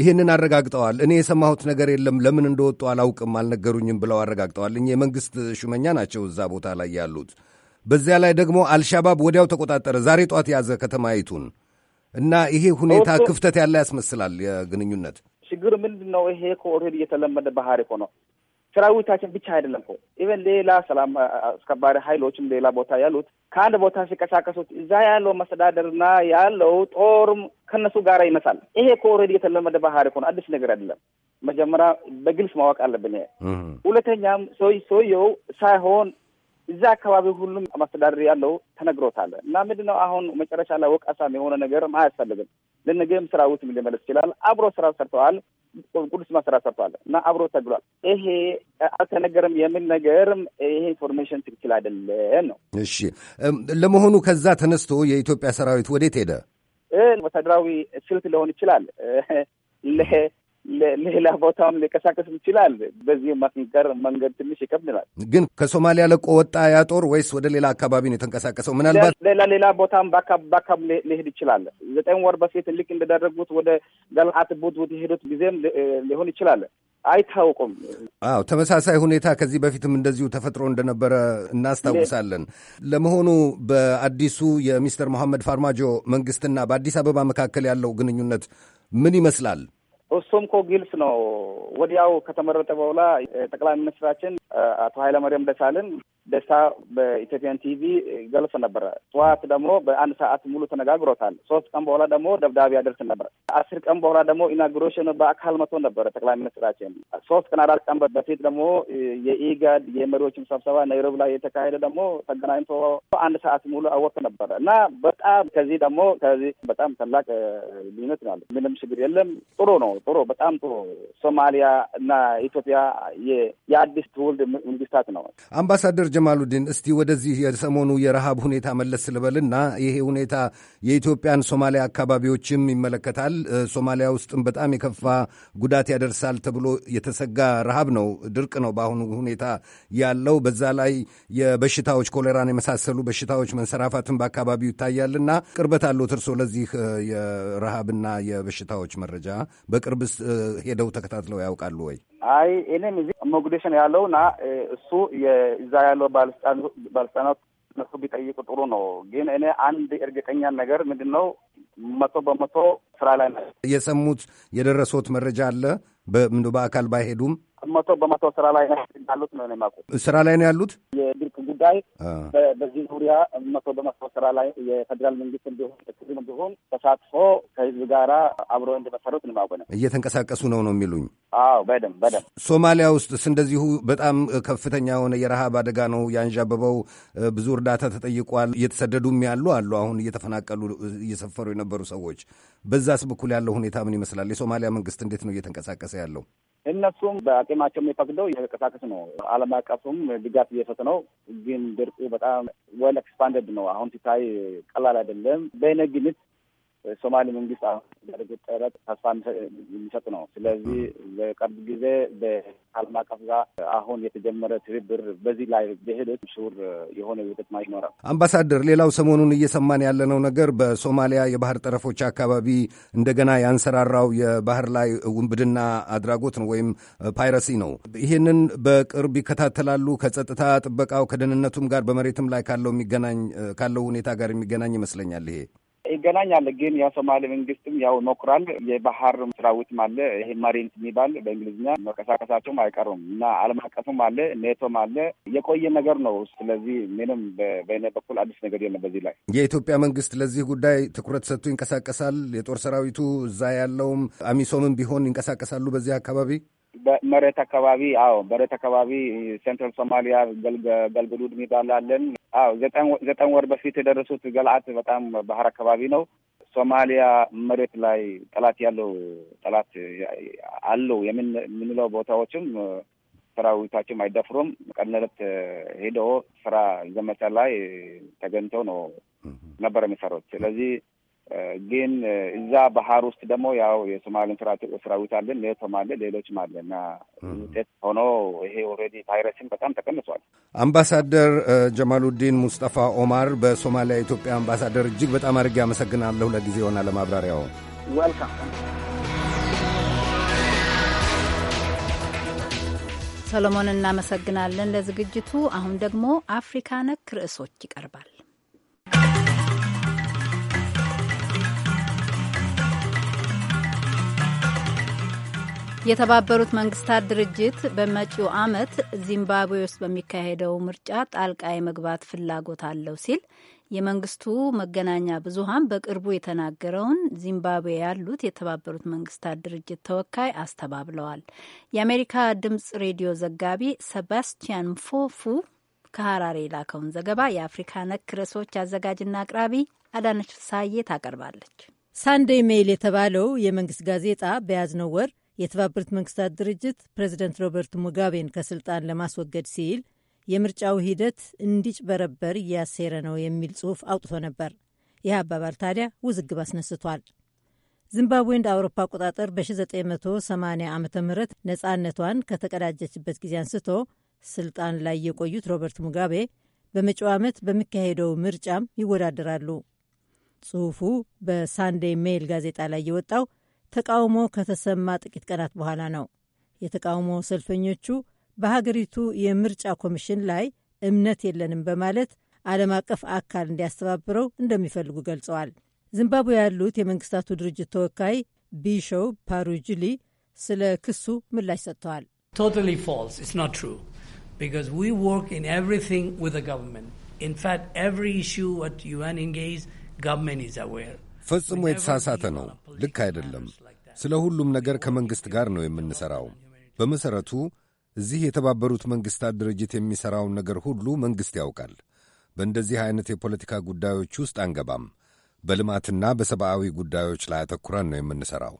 ይህንን አረጋግጠዋል። እኔ የሰማሁት ነገር የለም፣ ለምን እንደወጡ አላውቅም፣ አልነገሩኝም ብለው አረጋግጠዋል። እኚህ የመንግስት ሹመኛ ናቸው እዛ ቦታ ላይ ያሉት። በዚያ ላይ ደግሞ አልሻባብ ወዲያው ተቆጣጠረ፣ ዛሬ ጧት ያዘ ከተማይቱን እና ይሄ ሁኔታ ክፍተት ያለ ያስመስላል የግንኙነት ችግር ምንድን ነው? ይሄ እኮ እየተለመደ ባህሪ እኮ ሰራዊታችን ብቻ አይደለም እኮ ኢቨን ሌላ ሰላም አስከባሪ ሀይሎችም ሌላ ቦታ ያሉት ከአንድ ቦታ ሲንቀሳቀሱት እዛ ያለው መስተዳደርና ያለው ጦርም ከነሱ ጋር ይመሳል። ይሄ እኮ ኦልሬዲ የተለመደ ባህሪ እኮ ነው፣ አዲስ ነገር አይደለም። መጀመሪያ በግልጽ ማወቅ አለብን። ሁለተኛም ሁለተኛም ሰውየው ሳይሆን እዛ አካባቢ ሁሉም መስተዳደር ያለው ተነግሮታል። እና ምንድነው አሁን መጨረሻ ላይ ወቀሳም የሆነ ነገርም አያስፈልግም። ለነገም ሰራዊትም ሊመለስ ይችላል። አብሮ ስራ ሰርተዋል። ቅዱስ ስራ ሰርተዋል እና አብሮ ተግሏል። ይሄ አልተነገረም የምን ነገርም ይሄ ኢንፎርሜሽን ትክክል አይደለም ነው። እሺ፣ ለመሆኑ ከዛ ተነስቶ የኢትዮጵያ ሰራዊት ወዴት ሄደ? ወታደራዊ ስልት ሊሆን ይችላል ሌላ ቦታም ሊቀሳቀስ ይችላል። በዚህ ማስንቀር መንገድ ትንሽ ይከብድናል። ግን ከሶማሊያ ለቆ ወጣ ያ ጦር ወይስ ወደ ሌላ አካባቢ ነው የተንቀሳቀሰው? ምናልባት ሌላ ሌላ ቦታም በአካባቢ ሊሄድ ይችላል። ዘጠኝ ወር በፊት ልክ እንደደረጉት ወደ ገልአት ቡድ የሄዱት ጊዜም ሊሆን ይችላል። አይታወቁም። አዎ ተመሳሳይ ሁኔታ ከዚህ በፊትም እንደዚሁ ተፈጥሮ እንደነበረ እናስታውሳለን። ለመሆኑ በአዲሱ የሚስተር መሐመድ ፋርማጆ መንግስትና በአዲስ አበባ መካከል ያለው ግንኙነት ምን ይመስላል? እሱም እኮ ግልጽ ነው። ወዲያው ከተመረጠ በኋላ ጠቅላይ ሚኒስትራችን አቶ ኃይለማርያም ደሳለኝ ደስታ በኢትዮጵያን ቲቪ ገልጽ ነበረ። ጠዋት ደግሞ በአንድ ሰዓት ሙሉ ተነጋግሮታል። ሶስት ቀን በኋላ ደግሞ ደብዳቤ ያደርስ ነበር። አስር ቀን በኋላ ደግሞ ኢናጉሬሽን በአካል መቶ ነበረ ጠቅላይ ሚኒስትራችን። ሶስት ቀን አራት ቀን በፊት ደግሞ የኢጋድ የመሪዎችን ስብሰባ ናይሮቢ ላይ የተካሄደ ደግሞ ተገናኝቶ አንድ ሰዓት ሙሉ አወቅ ነበረ እና በጣም ከዚህ ደግሞ ከዚህ በጣም ታላቅ ልዩነት ነው። ምንም ችግር የለም። ጥሩ ነው። ጥሩ በጣም ጥሩ። ሶማሊያ እና ኢትዮጵያ የአዲስ ትውልድ መንግስታት ነው። አምባሳደር ጀማሉዲን፣ እስቲ ወደዚህ የሰሞኑ የረሃብ ሁኔታ መለስ ልበልና ይሄ ሁኔታ የኢትዮጵያን ሶማሊያ አካባቢዎችም ይመለከታል። ሶማሊያ ውስጥም በጣም የከፋ ጉዳት ያደርሳል ተብሎ የተሰጋ ረሃብ ነው፣ ድርቅ ነው በአሁኑ ሁኔታ ያለው። በዛ ላይ የበሽታዎች ኮሌራን የመሳሰሉ በሽታዎች መንሰራፋትን በአካባቢው ይታያልና ቅርበት አለው እርሶ ለዚህ የረሃብና የበሽታዎች መረጃ? በቅርብስ ሄደው ተከታትለው ያውቃሉ ወይ? አይ እኔም እዚህ ሞግዲሾ ያለው ና እሱ የዛ ያለው ባለስልጣናት እነሱ ቢጠይቁ ጥሩ ነው። ግን እኔ አንድ እርግጠኛ ነገር ምንድን ነው መቶ በመቶ ስራ ላይ ነው የሰሙት። የደረሶት መረጃ አለ በአካል ባይሄዱም መቶ በመቶ ስራ ላይ ያሉት ነው የማውቀው። ስራ ላይ ነው ያሉት የድርቅ ጉዳይ በዚህ ዙሪያ መቶ በመቶ ስራ ላይ የፌዴራል መንግስት እንዲሆን ክልል እንዲሆን ተሳትፎ ከህዝብ ጋራ አብሮ እንደመሰሩት ነው የማውቀው ነው። እየተንቀሳቀሱ ነው ነው የሚሉኝ? አዎ በደም በደም ሶማሊያ ውስጥ እንደዚሁ በጣም ከፍተኛ የሆነ የረሃብ አደጋ ነው ያንዣበበው። ብዙ እርዳታ ተጠይቋል። እየተሰደዱም ያሉ አሉ። አሁን እየተፈናቀሉ እየሰፈሩ የነበሩ ሰዎች በዛስ በኩል ያለው ሁኔታ ምን ይመስላል? የሶማሊያ መንግስት እንዴት ነው እየተንቀሳቀሰ ያለው? እነሱም በአቅማቸው የሚፈቅደው እየተንቀሳቀስ ነው። ዓለም አቀፉም ድጋፍ እየሰጥ ነው። ግን ድርቁ በጣም ወል ኤክስፓንደድ ነው። አሁን ሲታይ ቀላል አይደለም። በእኔ የሶማሌ መንግስት አሁን ያደረጉት ጥረት ተስፋ የሚሰጥ ነው። ስለዚህ በቅርብ ጊዜ በዓለም አቀፍ ጋር አሁን የተጀመረ ትብብር በዚህ ላይ ብሄዶች ሹር የሆነ ውጤት ይኖራል። አምባሳደር፣ ሌላው ሰሞኑን እየሰማን ያለነው ነገር በሶማሊያ የባህር ጠረፎች አካባቢ እንደገና ያንሰራራው የባህር ላይ ውንብድና አድራጎት ነው ወይም ፓይረሲ ነው። ይህንን በቅርብ ይከታተላሉ። ከጸጥታ ጥበቃው ከደህንነቱም ጋር በመሬትም ላይ ካለው የሚገናኝ ካለው ሁኔታ ጋር የሚገናኝ ይመስለኛል ይሄ ይገናኛል። ግን የሶማሌ ሶማሌ መንግስትም ያው ሞክሯል። የባህር ሰራዊትም አለ ይሄ ማሪን የሚባል በእንግሊዝኛ መንቀሳቀሳቸውም አይቀሩም እና ዓለም አቀፍም አለ ኔቶም አለ የቆየ ነገር ነው። ስለዚህ ምንም በእኔ በኩል አዲስ ነገር የለም በዚህ ላይ። የኢትዮጵያ መንግስት ለዚህ ጉዳይ ትኩረት ሰጥቶ ይንቀሳቀሳል። የጦር ሰራዊቱ እዛ ያለውም አሚሶምም ቢሆን ይንቀሳቀሳሉ በዚህ አካባቢ መሬት አካባቢ አዎ፣ መሬት አካባቢ ሴንትራል ሶማሊያ ገልግሉድ የሚባል አለን። አዎ፣ ዘጠኝ ወር በፊት የደረሱት ገልአት በጣም ባህር አካባቢ ነው። ሶማሊያ መሬት ላይ ጠላት ያለው ጠላት አለው የምንለው ቦታዎችም ሰራዊታችን አይደፍሩም። ቀን ዕለት ስራ ዘመቻ ላይ ተገኝተው ነው ነበር የሚሰሩት። ስለዚህ ግን እዛ ባህር ውስጥ ደግሞ ያው የሶማሌን ሰራዊት አለን፣ ኔቶም አለ፣ ሌሎችም አለ እና ውጤት ሆኖ ይሄ ኦልሬዲ ቫይረስን በጣም ተቀንሷል። አምባሳደር ጀማሉዲን ሙስጠፋ ኦማር በሶማሊያ ኢትዮጵያ አምባሳደር፣ እጅግ በጣም አድርጌ አመሰግናለሁ ለጊዜ ለጊዜውና ለማብራሪያው። ዌልካም። ሰሎሞን እናመሰግናለን ለዝግጅቱ። አሁን ደግሞ አፍሪካ ነክ ርዕሶች ይቀርባል። የተባበሩት መንግስታት ድርጅት በመጪው ዓመት ዚምባብዌ ውስጥ በሚካሄደው ምርጫ ጣልቃ የመግባት ፍላጎት አለው ሲል የመንግስቱ መገናኛ ብዙሃን በቅርቡ የተናገረውን ዚምባብዌ ያሉት የተባበሩት መንግስታት ድርጅት ተወካይ አስተባብለዋል። የአሜሪካ ድምጽ ሬዲዮ ዘጋቢ ሰባስቲያን ፎፉ ከሀራሬ የላከውን ዘገባ የአፍሪካ ነክ ርዕሶች አዘጋጅና አቅራቢ አዳነች ፍሳዬ ታቀርባለች። ሳንዴይ ሜይል የተባለው የመንግስት ጋዜጣ በያዝነው ወር የተባበሩት መንግስታት ድርጅት ፕሬዚደንት ሮበርት ሙጋቤን ከስልጣን ለማስወገድ ሲል የምርጫው ሂደት እንዲጭበረበር እያሴረ ነው የሚል ጽሑፍ አውጥቶ ነበር። ይህ አባባል ታዲያ ውዝግብ አስነስቷል። ዚምባብዌ እንደ አውሮፓ አቆጣጠር በ1980 ዓ ም ነፃነቷን ከተቀዳጀችበት ጊዜ አንስቶ ስልጣን ላይ የቆዩት ሮበርት ሙጋቤ በመጪው ዓመት በሚካሄደው ምርጫም ይወዳደራሉ። ጽሑፉ በሳንዴ ሜይል ጋዜጣ ላይ የወጣው ተቃውሞ ከተሰማ ጥቂት ቀናት በኋላ ነው። የተቃውሞ ሰልፈኞቹ በሀገሪቱ የምርጫ ኮሚሽን ላይ እምነት የለንም በማለት ዓለም አቀፍ አካል እንዲያስተባብረው እንደሚፈልጉ ገልጸዋል። ዚምባብዌ ያሉት የመንግስታቱ ድርጅት ተወካይ ቢሾው ፓሩጅሊ ስለ ክሱ ምላሽ ሰጥተዋል። ፈጽሞ የተሳሳተ ነው። ልክ አይደለም። ስለ ሁሉም ነገር ከመንግሥት ጋር ነው የምንሠራው። በመሠረቱ እዚህ የተባበሩት መንግሥታት ድርጅት የሚሠራውን ነገር ሁሉ መንግሥት ያውቃል። በእንደዚህ አይነት የፖለቲካ ጉዳዮች ውስጥ አንገባም። በልማትና በሰብአዊ ጉዳዮች ላይ አተኩረን ነው የምንሠራው።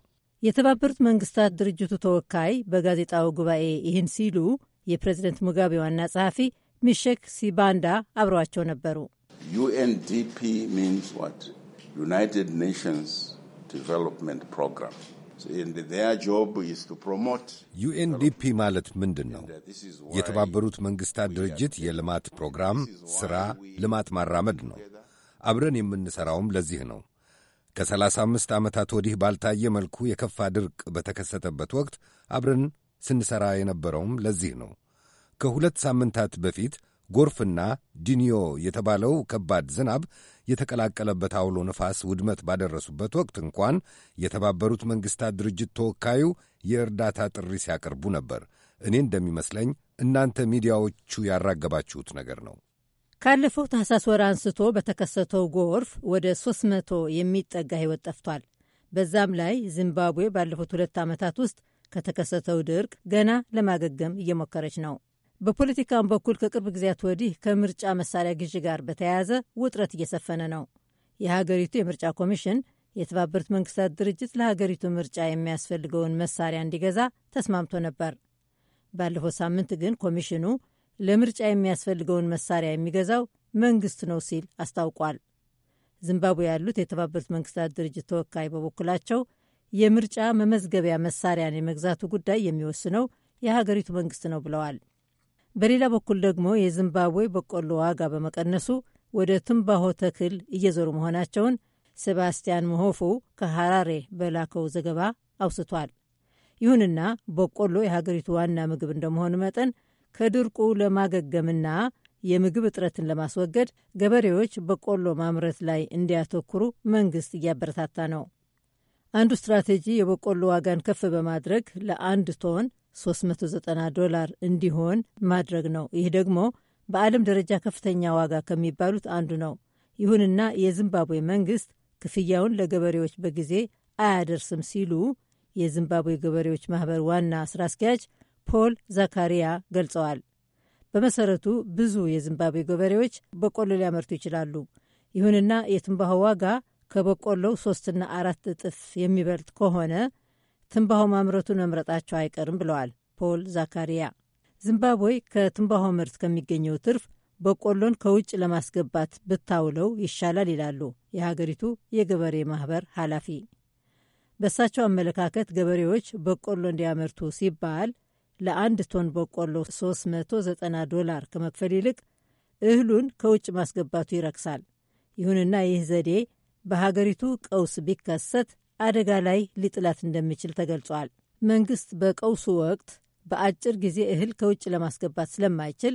የተባበሩት መንግሥታት ድርጅቱ ተወካይ በጋዜጣው ጉባኤ ይህን ሲሉ የፕሬዝደንት ሙጋቤ ዋና ጸሐፊ ሚሼክ ሲባንዳ አብረዋቸው ነበሩ። ዩኤንዲፒ ሚንስ ዋት United Nations Development Program. ዩኤንዲፒ ማለት ምንድን ነው? Uh, የተባበሩት መንግሥታት ድርጅት የልማት ፕሮግራም ሥራ ልማት ማራመድ ነው። አብረን የምንሠራውም ለዚህ ነው። ከ ከ35 ዓመታት ወዲህ ባልታየ መልኩ የከፋ ድርቅ በተከሰተበት ወቅት አብረን ስንሠራ የነበረውም ለዚህ ነው። ከሁለት ሳምንታት በፊት ጎርፍና ዲኒዮ የተባለው ከባድ ዝናብ የተቀላቀለበት አውሎ ነፋስ ውድመት ባደረሱበት ወቅት እንኳን የተባበሩት መንግሥታት ድርጅት ተወካዩ የእርዳታ ጥሪ ሲያቀርቡ ነበር። እኔ እንደሚመስለኝ እናንተ ሚዲያዎቹ ያራገባችሁት ነገር ነው። ካለፈው ታህሳስ ወር አንስቶ በተከሰተው ጎርፍ ወደ 300 የሚጠጋ ሕይወት ጠፍቷል። በዛም ላይ ዚምባብዌ ባለፉት ሁለት ዓመታት ውስጥ ከተከሰተው ድርቅ ገና ለማገገም እየሞከረች ነው። በፖለቲካም በኩል ከቅርብ ጊዜያት ወዲህ ከምርጫ መሳሪያ ግዢ ጋር በተያያዘ ውጥረት እየሰፈነ ነው። የሀገሪቱ የምርጫ ኮሚሽን የተባበሩት መንግስታት ድርጅት ለሀገሪቱ ምርጫ የሚያስፈልገውን መሳሪያ እንዲገዛ ተስማምቶ ነበር። ባለፈው ሳምንት ግን ኮሚሽኑ ለምርጫ የሚያስፈልገውን መሳሪያ የሚገዛው መንግስት ነው ሲል አስታውቋል። ዚምባብዌ ያሉት የተባበሩት መንግስታት ድርጅት ተወካይ በበኩላቸው የምርጫ መመዝገቢያ መሳሪያን የመግዛቱ ጉዳይ የሚወስነው የሀገሪቱ መንግስት ነው ብለዋል። በሌላ በኩል ደግሞ የዚምባብዌ በቆሎ ዋጋ በመቀነሱ ወደ ትንባሆ ተክል እየዞሩ መሆናቸውን ሴባስቲያን መሆፉ ከሐራሬ በላከው ዘገባ አውስቷል። ይሁንና በቆሎ የሀገሪቱ ዋና ምግብ እንደመሆኑ መጠን ከድርቁ ለማገገምና የምግብ እጥረትን ለማስወገድ ገበሬዎች በቆሎ ማምረት ላይ እንዲያተኩሩ መንግስት እያበረታታ ነው። አንዱ ስትራቴጂ የበቆሎ ዋጋን ከፍ በማድረግ ለአንድ ቶን 390 ዶላር እንዲሆን ማድረግ ነው። ይህ ደግሞ በዓለም ደረጃ ከፍተኛ ዋጋ ከሚባሉት አንዱ ነው። ይሁንና የዚምባብዌ መንግስት ክፍያውን ለገበሬዎች በጊዜ አያደርስም ሲሉ የዚምባብዌ ገበሬዎች ማህበር ዋና ስራ አስኪያጅ ፖል ዘካሪያ ገልጸዋል። በመሰረቱ ብዙ የዚምባብዌ ገበሬዎች በቆሎ ሊያመርቱ ይችላሉ። ይሁንና የትንባሆ ዋጋ ከበቆሎው ሶስትና አራት እጥፍ የሚበልጥ ከሆነ ትንባሆ ማምረቱን መምረጣቸው አይቀርም ብለዋል ፖል ዛካሪያ። ዚምባብዌ ከትንባሆ ምርት ከሚገኘው ትርፍ በቆሎን ከውጭ ለማስገባት ብታውለው ይሻላል ይላሉ የሀገሪቱ የገበሬ ማህበር ኃላፊ። በእሳቸው አመለካከት ገበሬዎች በቆሎ እንዲያመርቱ ሲባል ለአንድ ቶን በቆሎ 390 ዶላር ከመክፈል ይልቅ እህሉን ከውጭ ማስገባቱ ይረክሳል። ይሁንና ይህ ዘዴ በሀገሪቱ ቀውስ ቢከሰት አደጋ ላይ ሊጥላት እንደሚችል ተገልጿል። መንግስት በቀውሱ ወቅት በአጭር ጊዜ እህል ከውጭ ለማስገባት ስለማይችል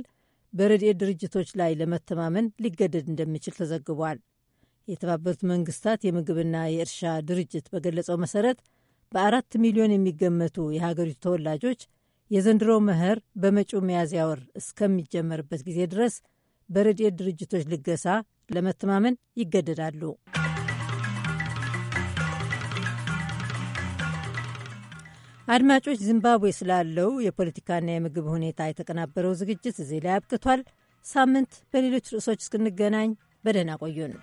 በረድኤት ድርጅቶች ላይ ለመተማመን ሊገደድ እንደሚችል ተዘግቧል። የተባበሩት መንግስታት የምግብና የእርሻ ድርጅት በገለጸው መሰረት በአራት ሚሊዮን የሚገመቱ የሀገሪቱ ተወላጆች የዘንድሮ መኸር በመጪው ሚያዝያ ወር እስከሚጀመርበት ጊዜ ድረስ በረድኤት ድርጅቶች ልገሳ ለመተማመን ይገደዳሉ። አድማጮች፣ ዚምባብዌ ስላለው የፖለቲካና የምግብ ሁኔታ የተቀናበረው ዝግጅት እዚህ ላይ አብቅቷል። ሳምንት በሌሎች ርዕሶች እስክንገናኝ በደህና ቆዩን።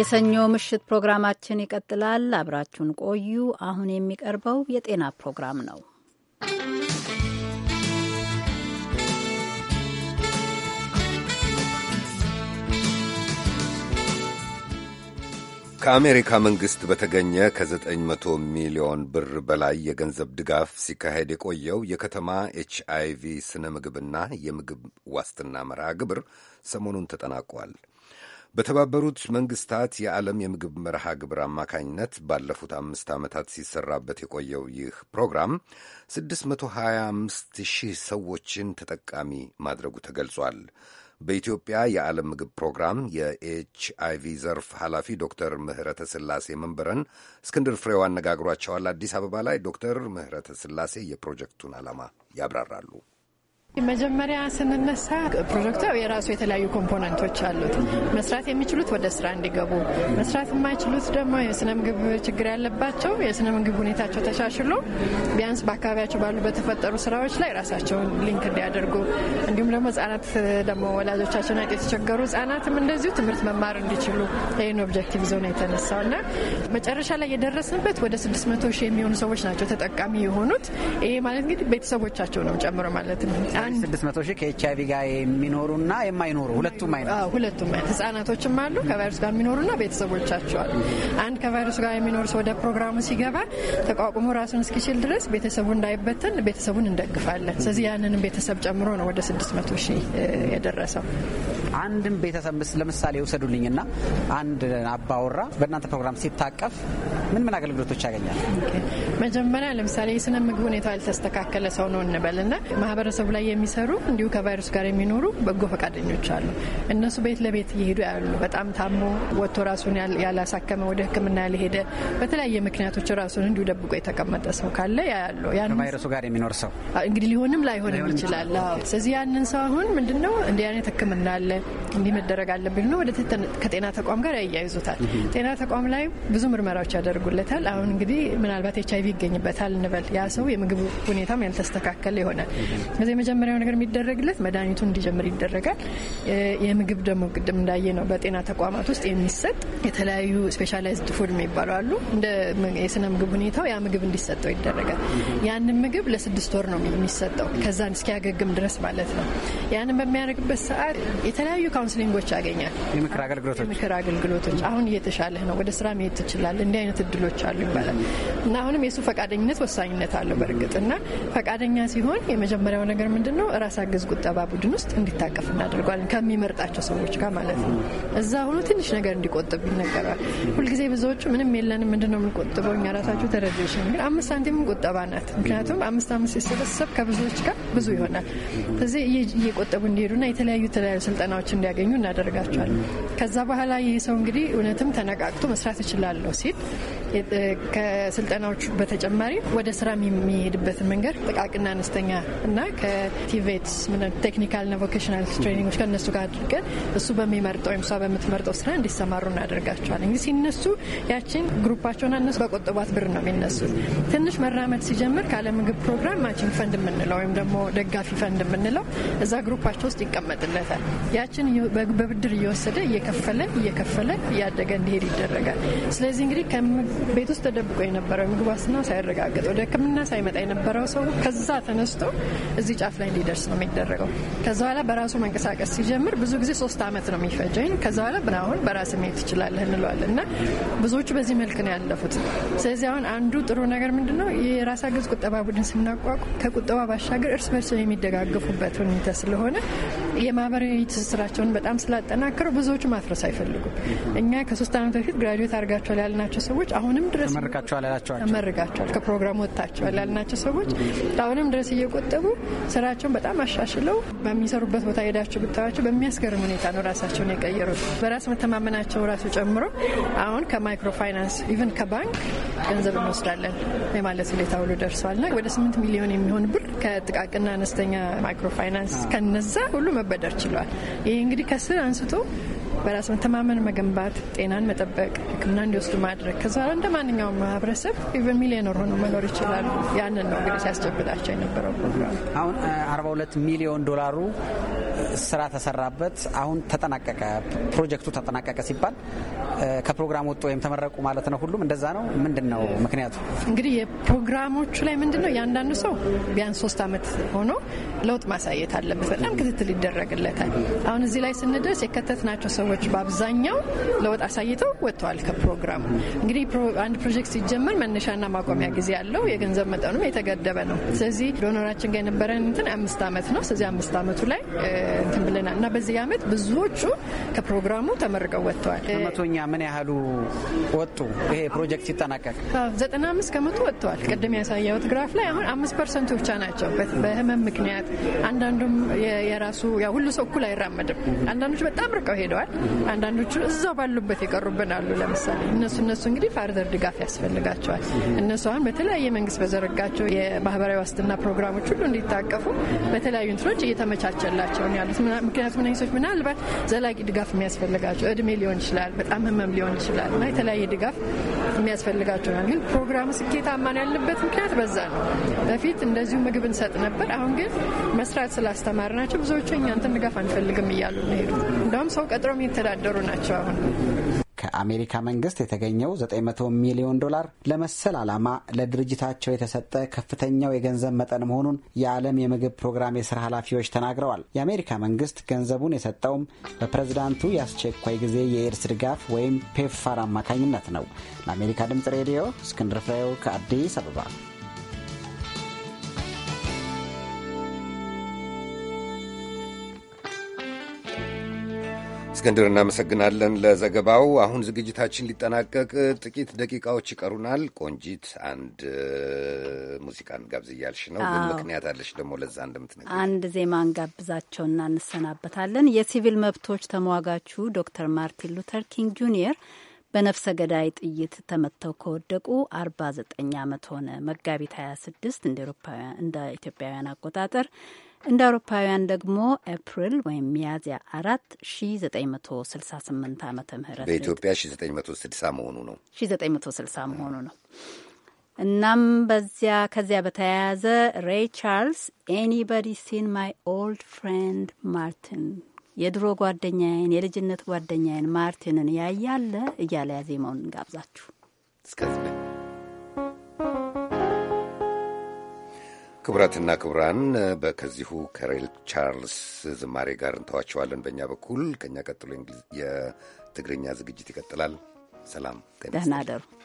የሰኞ ምሽት ፕሮግራማችን ይቀጥላል። አብራችሁን ቆዩ። አሁን የሚቀርበው የጤና ፕሮግራም ነው። ከአሜሪካ መንግሥት በተገኘ ከ900 ሚሊዮን ብር በላይ የገንዘብ ድጋፍ ሲካሄድ የቆየው የከተማ ኤች አይ ቪ ስነ ምግብና የምግብ ዋስትና መርሃ ግብር ሰሞኑን ተጠናቋል። በተባበሩት መንግሥታት የዓለም የምግብ መርሃ ግብር አማካኝነት ባለፉት አምስት ዓመታት ሲሰራበት የቆየው ይህ ፕሮግራም 625 ሺህ ሰዎችን ተጠቃሚ ማድረጉ ተገልጿል። በኢትዮጵያ የዓለም ምግብ ፕሮግራም የኤች አይቪ ዘርፍ ኃላፊ ዶክተር ምህረተ ስላሴ መንበረን እስክንድር ፍሬው አነጋግሯቸዋል። አዲስ አበባ ላይ ዶክተር ምህረተ ስላሴ የፕሮጀክቱን ዓላማ ያብራራሉ። መጀመሪያ ስንነሳ ፕሮጀክቱ የራሱ የተለያዩ ኮምፖነንቶች አሉት። መስራት የሚችሉት ወደ ስራ እንዲገቡ፣ መስራት የማይችሉት ደግሞ የስነ ምግብ ችግር ያለባቸው የስነ ምግብ ሁኔታቸው ተሻሽሎ ቢያንስ በአካባቢያቸው ባሉ በተፈጠሩ ስራዎች ላይ ራሳቸውን ሊንክ እንዲያደርጉ፣ እንዲሁም ደግሞ ህጻናት ደግሞ ወላጆቻቸውን ያውቅ የተቸገሩ ህጻናትም እንደዚሁ ትምህርት መማር እንዲችሉ ይህን ኦብጀክቲቭ ዞን የተነሳው እና መጨረሻ ላይ የደረስንበት ወደ 600 ሺህ የሚሆኑ ሰዎች ናቸው ተጠቃሚ የሆኑት። ይሄ ማለት እንግዲህ ቤተሰቦቻቸው ነው ጨምሮ ማለት ነው። ስድስት መቶ ሺህ ከኤች አይቪ ጋር የሚኖሩና የማይኖሩ ሁለቱም አይነት ሁለቱም አይነት ህጻናቶችም አሉ ከቫይረሱ ጋር የሚኖሩና ቤተሰቦቻቸው አሉ። አንድ ከቫይረሱ ጋር የሚኖር ሰው ወደ ፕሮግራሙ ሲገባ ተቋቁሞ ራሱን እስኪችል ድረስ ቤተሰቡ እንዳይበትን ቤተሰቡን እንደግፋለን። ስለዚህ ያንንም ቤተሰብ ጨምሮ ነው ወደ ስድስት መቶ ሺህ የደረሰው። አንድም ቤተሰብ ለምሳሌ የውሰዱልኝና አንድ አባወራ በእናንተ ፕሮግራም ሲታቀፍ ምን ምን አገልግሎቶች ያገኛል? መጀመሪያ ለምሳሌ የስነ ምግብ ሁኔታ ያልተስተካከለ ሰው ነው እንበልና ማህበረሰቡ ላይ የሚሰሩ እንዲሁ ከቫይረሱ ጋር የሚኖሩ በጎ ፈቃደኞች አሉ። እነሱ ቤት ለቤት እየሄዱ ያሉ በጣም ታሞ ወጥቶ ራሱን ያላሳከመ ወደ ሕክምና ያልሄደ በተለያየ ምክንያቶች ራሱን እንዲሁ ደብቆ የተቀመጠ ሰው ካለ ያለው ከቫይረሱ ጋር የሚኖር ሰው እንግዲህ ሊሆንም ላይሆንም ይችላል። ስለዚህ ያንን ሰው አሁን ምንድነው እንዲህ አይነት ሕክምና አለ እንዲህ መደረግ አለብኝ ነው ወደ ከጤና ተቋም ጋር ያያይዙታል። ጤና ተቋም ላይ ብዙ ምርመራዎች ያደርጉለታል። አሁን እንግዲህ ምናልባት ኤች አይቪ ይገኝበታል እንበል ያ ሰው የምግብ ሁኔታም ያልተስተካከለ ይሆናል። የመጀመሪያው ነገር የሚደረግለት መድኃኒቱ እንዲጀምር ይደረጋል። የምግብ ደግሞ ቅድም እንዳየ ነው በጤና ተቋማት ውስጥ የሚሰጥ የተለያዩ ስፔሻላይዝድ ፉድ የሚባሉ አሉ። እንደ የስነ ምግብ ሁኔታው ያ ምግብ እንዲሰጠው ይደረጋል። ያንን ምግብ ለስድስት ወር ነው የሚሰጠው ከዛን እስኪያገግም ድረስ ማለት ነው። ያንን በሚያደርግበት ሰዓት የተለያዩ ካውንስሊንጎች ያገኛል። የምክር አገልግሎቶች አሁን እየተሻለህ ነው፣ ወደ ስራ መሄድ ትችላለህ፣ እንዲህ አይነት እድሎች አሉ ይባላል እና አሁንም የእሱ ፈቃደኝነት ወሳኝነት አለው በእርግጥ እና ፈቃደኛ ሲሆን የመጀመሪያው ነገር ምንድ ምንድን ነው ራስ አገዝ ቁጠባ ቡድን ውስጥ እንዲታቀፍ እናደርገዋለን። ከሚመርጣቸው ሰዎች ጋር ማለት ነው። እዛ ሆኖ ትንሽ ነገር እንዲቆጥብ ይነገራል። ሁልጊዜ ብዙዎቹ ምንም የለንም ምንድን ነው የምንቆጥበው እኛ ራሳቸው ተረጅሽን፣ ግን አምስት ሳንቲም ቁጠባ ናት። ምክንያቱም አምስት አምስት የሰበሰብ ከብዙዎች ጋር ብዙ ይሆናል። ስለዚህ እየቆጠቡ እንዲሄዱና የተለያዩ የተለያዩ ስልጠናዎች እንዲያገኙ እናደርጋቸዋለን። ከዛ በኋላ ይህ ሰው እንግዲህ እውነትም ተነቃቅቶ መስራት እችላለሁ ሲል ከስልጠናዎቹ በተጨማሪ ወደ ስራ የሚሄድበትን መንገድ ጥቃቅና አነስተኛ እና ቲቬትስ ቴክኒካል ና ቮኬሽናል ትሬኒንጎች ከእነሱ ጋር አድርገን እሱ በሚመርጠው ወይም እሷ በምትመርጠው ስራ እንዲሰማሩ እናደርጋቸዋል። እንግዲህ ሲነሱ ያችን ግሩፓቸውን እነሱ በቆጠቧት ብር ነው የሚነሱት። ትንሽ መራመድ ሲጀምር ከዓለም ምግብ ፕሮግራም ማቺንግ ፈንድ የምንለው ወይም ደግሞ ደጋፊ ፈንድ የምንለው እዛ ግሩፓቸው ውስጥ ይቀመጥለታል። ያችን በብድር እየወሰደ እየከፈለ እየከፈለ እያደገ እንዲሄድ ይደረጋል። ስለዚህ እንግዲህ ከቤት ውስጥ ተደብቆ የነበረው የምግብ ዋስትና ሳይረጋገጥ ወደ ሕክምና ሳይመጣ የነበረው ሰው ከዛ ተነስቶ እዚህ ጫፍ ላይ እንዲደርስ ነው የሚደረገው። ከዛ በኋላ በራሱ መንቀሳቀስ ሲጀምር ብዙ ጊዜ ሶስት አመት ነው የሚፈጀኝ። ከዛ በኋላ ብናሁን በራስ መሄድ ትችላለህ እንለዋለን እና ብዙዎቹ በዚህ መልክ ነው ያለፉት። ስለዚህ አሁን አንዱ ጥሩ ነገር ምንድን ነው የራስ አገዝ ቁጠባ ቡድን ስናቋቁም ከቁጠባ ባሻገር እርስ በርስ የሚደጋገፉበት ሁኔታ ስለሆነ የማህበራዊ ትስስራቸውን በጣም ስላጠናከሩ ብዙዎቹ ማፍረስ አይፈልጉም። እኛ ከሶስት ዓመት በፊት ግራጁዌት አድርጋቸዋል ያልናቸው ሰዎች አሁንም ድረስ ተመርቃቸዋል ያላቸዋል ተመርቃቸዋል ከፕሮግራም ወጥታቸዋል ያልናቸው ሰዎች አሁንም ድረስ እየቆጠቡ ስራቸውን በጣም አሻሽለው በሚሰሩበት ቦታ ሄዳቸው ብታያቸው በሚያስገርም ሁኔታ ነው ራሳቸውን የቀየሩት። በራስ መተማመናቸው ራሱ ጨምሮ አሁን ከማይክሮ ፋይናንስ ኢቨን ከባንክ ገንዘብ እንወስዳለን የማለት ሁኔታ ሁሉ ና ወደ ስምንት ሚሊዮን የሚሆን ብር ከጥቃቅና አነስተኛ ማይክሮ ፋይናንስ ከነዛ ሁሉ መበደር ችሏል። ይህ እንግዲህ ከስር አንስቶ በራስ መተማመን መገንባት፣ ጤናን መጠበቅ፣ ሕክምና እንዲወስዱ ማድረግ ከዛ እንደ ማንኛውም ማህበረሰብ ኢቨን ሚሊዮነር ሆኖ መኖር ይችላሉ። ያንን ነው እንግዲህ ሲያስጨብጣቸው የነበረው ፕሮግራም። አሁን 42 ሚሊዮን ዶላሩ ስራ ተሰራበት። አሁን ተጠናቀቀ፣ ፕሮጀክቱ ተጠናቀቀ ሲባል ከፕሮግራም ወጡ ወይም ተመረቁ ማለት ነው። ሁሉም እንደዛ ነው። ምንድን ነው ምክንያቱ? እንግዲህ የፕሮግራሞቹ ላይ ምንድን ነው እያንዳንዱ ሰው ቢያንስ ሶስት አመት ሆኖ ለውጥ ማሳየት አለበት። በጣም ክትትል ይደረግለታል። አሁን እዚህ ላይ ስንደርስ ናቸው ሰው ሰዎች በአብዛኛው ለውጥ አሳይተው ወጥተዋል ከፕሮግራሙ። እንግዲህ አንድ ፕሮጀክት ሲጀመር መነሻና ማቆሚያ ጊዜ ያለው የገንዘብ መጠኑም የተገደበ ነው። ስለዚህ ዶኖራችን ጋር የነበረን እንትን አምስት ዓመት ነው። ስለዚህ አምስት አመቱ ላይ እንትን ብለናል እና በዚህ አመት ብዙዎቹ ከፕሮግራሙ ተመርቀው ወጥተዋል። መቶኛ ምን ያህሉ ወጡ? ይሄ ፕሮጀክት ሲጠናቀቅ ዘጠና አምስት ከመቶ ወጥተዋል። ቅድም ያሳየሁት ግራፍ ላይ አሁን አምስት ፐርሰንቱ ብቻ ናቸው በህመም ምክንያት አንዳንዱም የራሱ ሁሉ ሰው እኩል አይራመድም። አንዳንዶች በጣም ርቀው ሄደዋል። አንዳንዶቹ እዛው ባሉበት የቀሩብን አሉ። ለምሳሌ እነሱ እነሱ እንግዲህ ፋርደር ድጋፍ ያስፈልጋቸዋል። እነሱ አሁን በተለያየ መንግስት በዘረጋቸው የማህበራዊ ዋስትና ፕሮግራሞች ሁሉ እንዲታቀፉ በተለያዩ እንትኖች እየተመቻቸላቸው ያሉት። ምክንያቱም ነኝሶች ምናልባት ዘላቂ ድጋፍ የሚያስፈልጋቸው እድሜ ሊሆን ይችላል፣ በጣም ህመም ሊሆን ይችላል እና የተለያየ ድጋፍ የሚያስፈልጋቸው ነው። ግን ፕሮግራሙ ስኬታማ ነው ያለበት ምክንያት በዛ ነው። በፊት እንደዚሁ ምግብ እንሰጥ ነበር። አሁን ግን መስራት ስላስተማር ናቸው ብዙዎቹ እኛንተን ድጋፍ አንፈልግም እያሉ ነው ሄዱ። እንዳውም ሰው ቀጥሮ የሚተዳደሩ ናቸው አሁን ከአሜሪካ መንግስት የተገኘው 900 ሚሊዮን ዶላር ለመሰል ዓላማ ለድርጅታቸው የተሰጠ ከፍተኛው የገንዘብ መጠን መሆኑን የዓለም የምግብ ፕሮግራም የሥራ ኃላፊዎች ተናግረዋል። የአሜሪካ መንግስት ገንዘቡን የሰጠውም በፕሬዝዳንቱ የአስቸኳይ ጊዜ የኤድስ ድጋፍ ወይም ፔፕፋር አማካኝነት ነው። ለአሜሪካ ድምፅ ሬዲዮ እስክንድር ፍሬው ከአዲስ አበባ እስክንድር እናመሰግናለን ለዘገባው። አሁን ዝግጅታችን ሊጠናቀቅ ጥቂት ደቂቃዎች ይቀሩናል። ቆንጂት አንድ ሙዚቃን ጋብዝ እያልሽ ነው፣ ግን ምክንያት አለሽ ደግሞ ለዛ እንደምትነግሪኝ። አንድ ዜማ እንጋብዛቸው እና እንሰናበታለን። የሲቪል መብቶች ተሟጋቹ ዶክተር ማርቲን ሉተር ኪንግ ጁኒየር በነፍሰ ገዳይ ጥይት ተመተው ከወደቁ 49 ዓመት ሆነ። መጋቢት 26 እንደ ኢትዮጵያውያን አቆጣጠር እንደ አውሮፓውያን ደግሞ ኤፕሪል ወይም ሚያዝያ አራት 1968 ዓ ም በኢትዮጵያ 1960 መሆኑ ነው 1960 መሆኑ ነው። እናም በዚያ ከዚያ በተያያዘ ሬይ ቻርልስ ኤኒባዲ ሲን ማይ ኦልድ ፍሬንድ ማርቲን የድሮ ጓደኛዬን የልጅነት ጓደኛዬን ማርቲንን ያያለ እያለ ያዜመውን እንጋብዛችሁ እስከዚህ ክቡራትና ክቡራን በከዚሁ ከሬል ቻርልስ ዝማሬ ጋር እንተዋቸዋለን። በእኛ በኩል ከእኛ ቀጥሎ የትግርኛ ዝግጅት ይቀጥላል። ሰላም፣ ደህና አደሩ።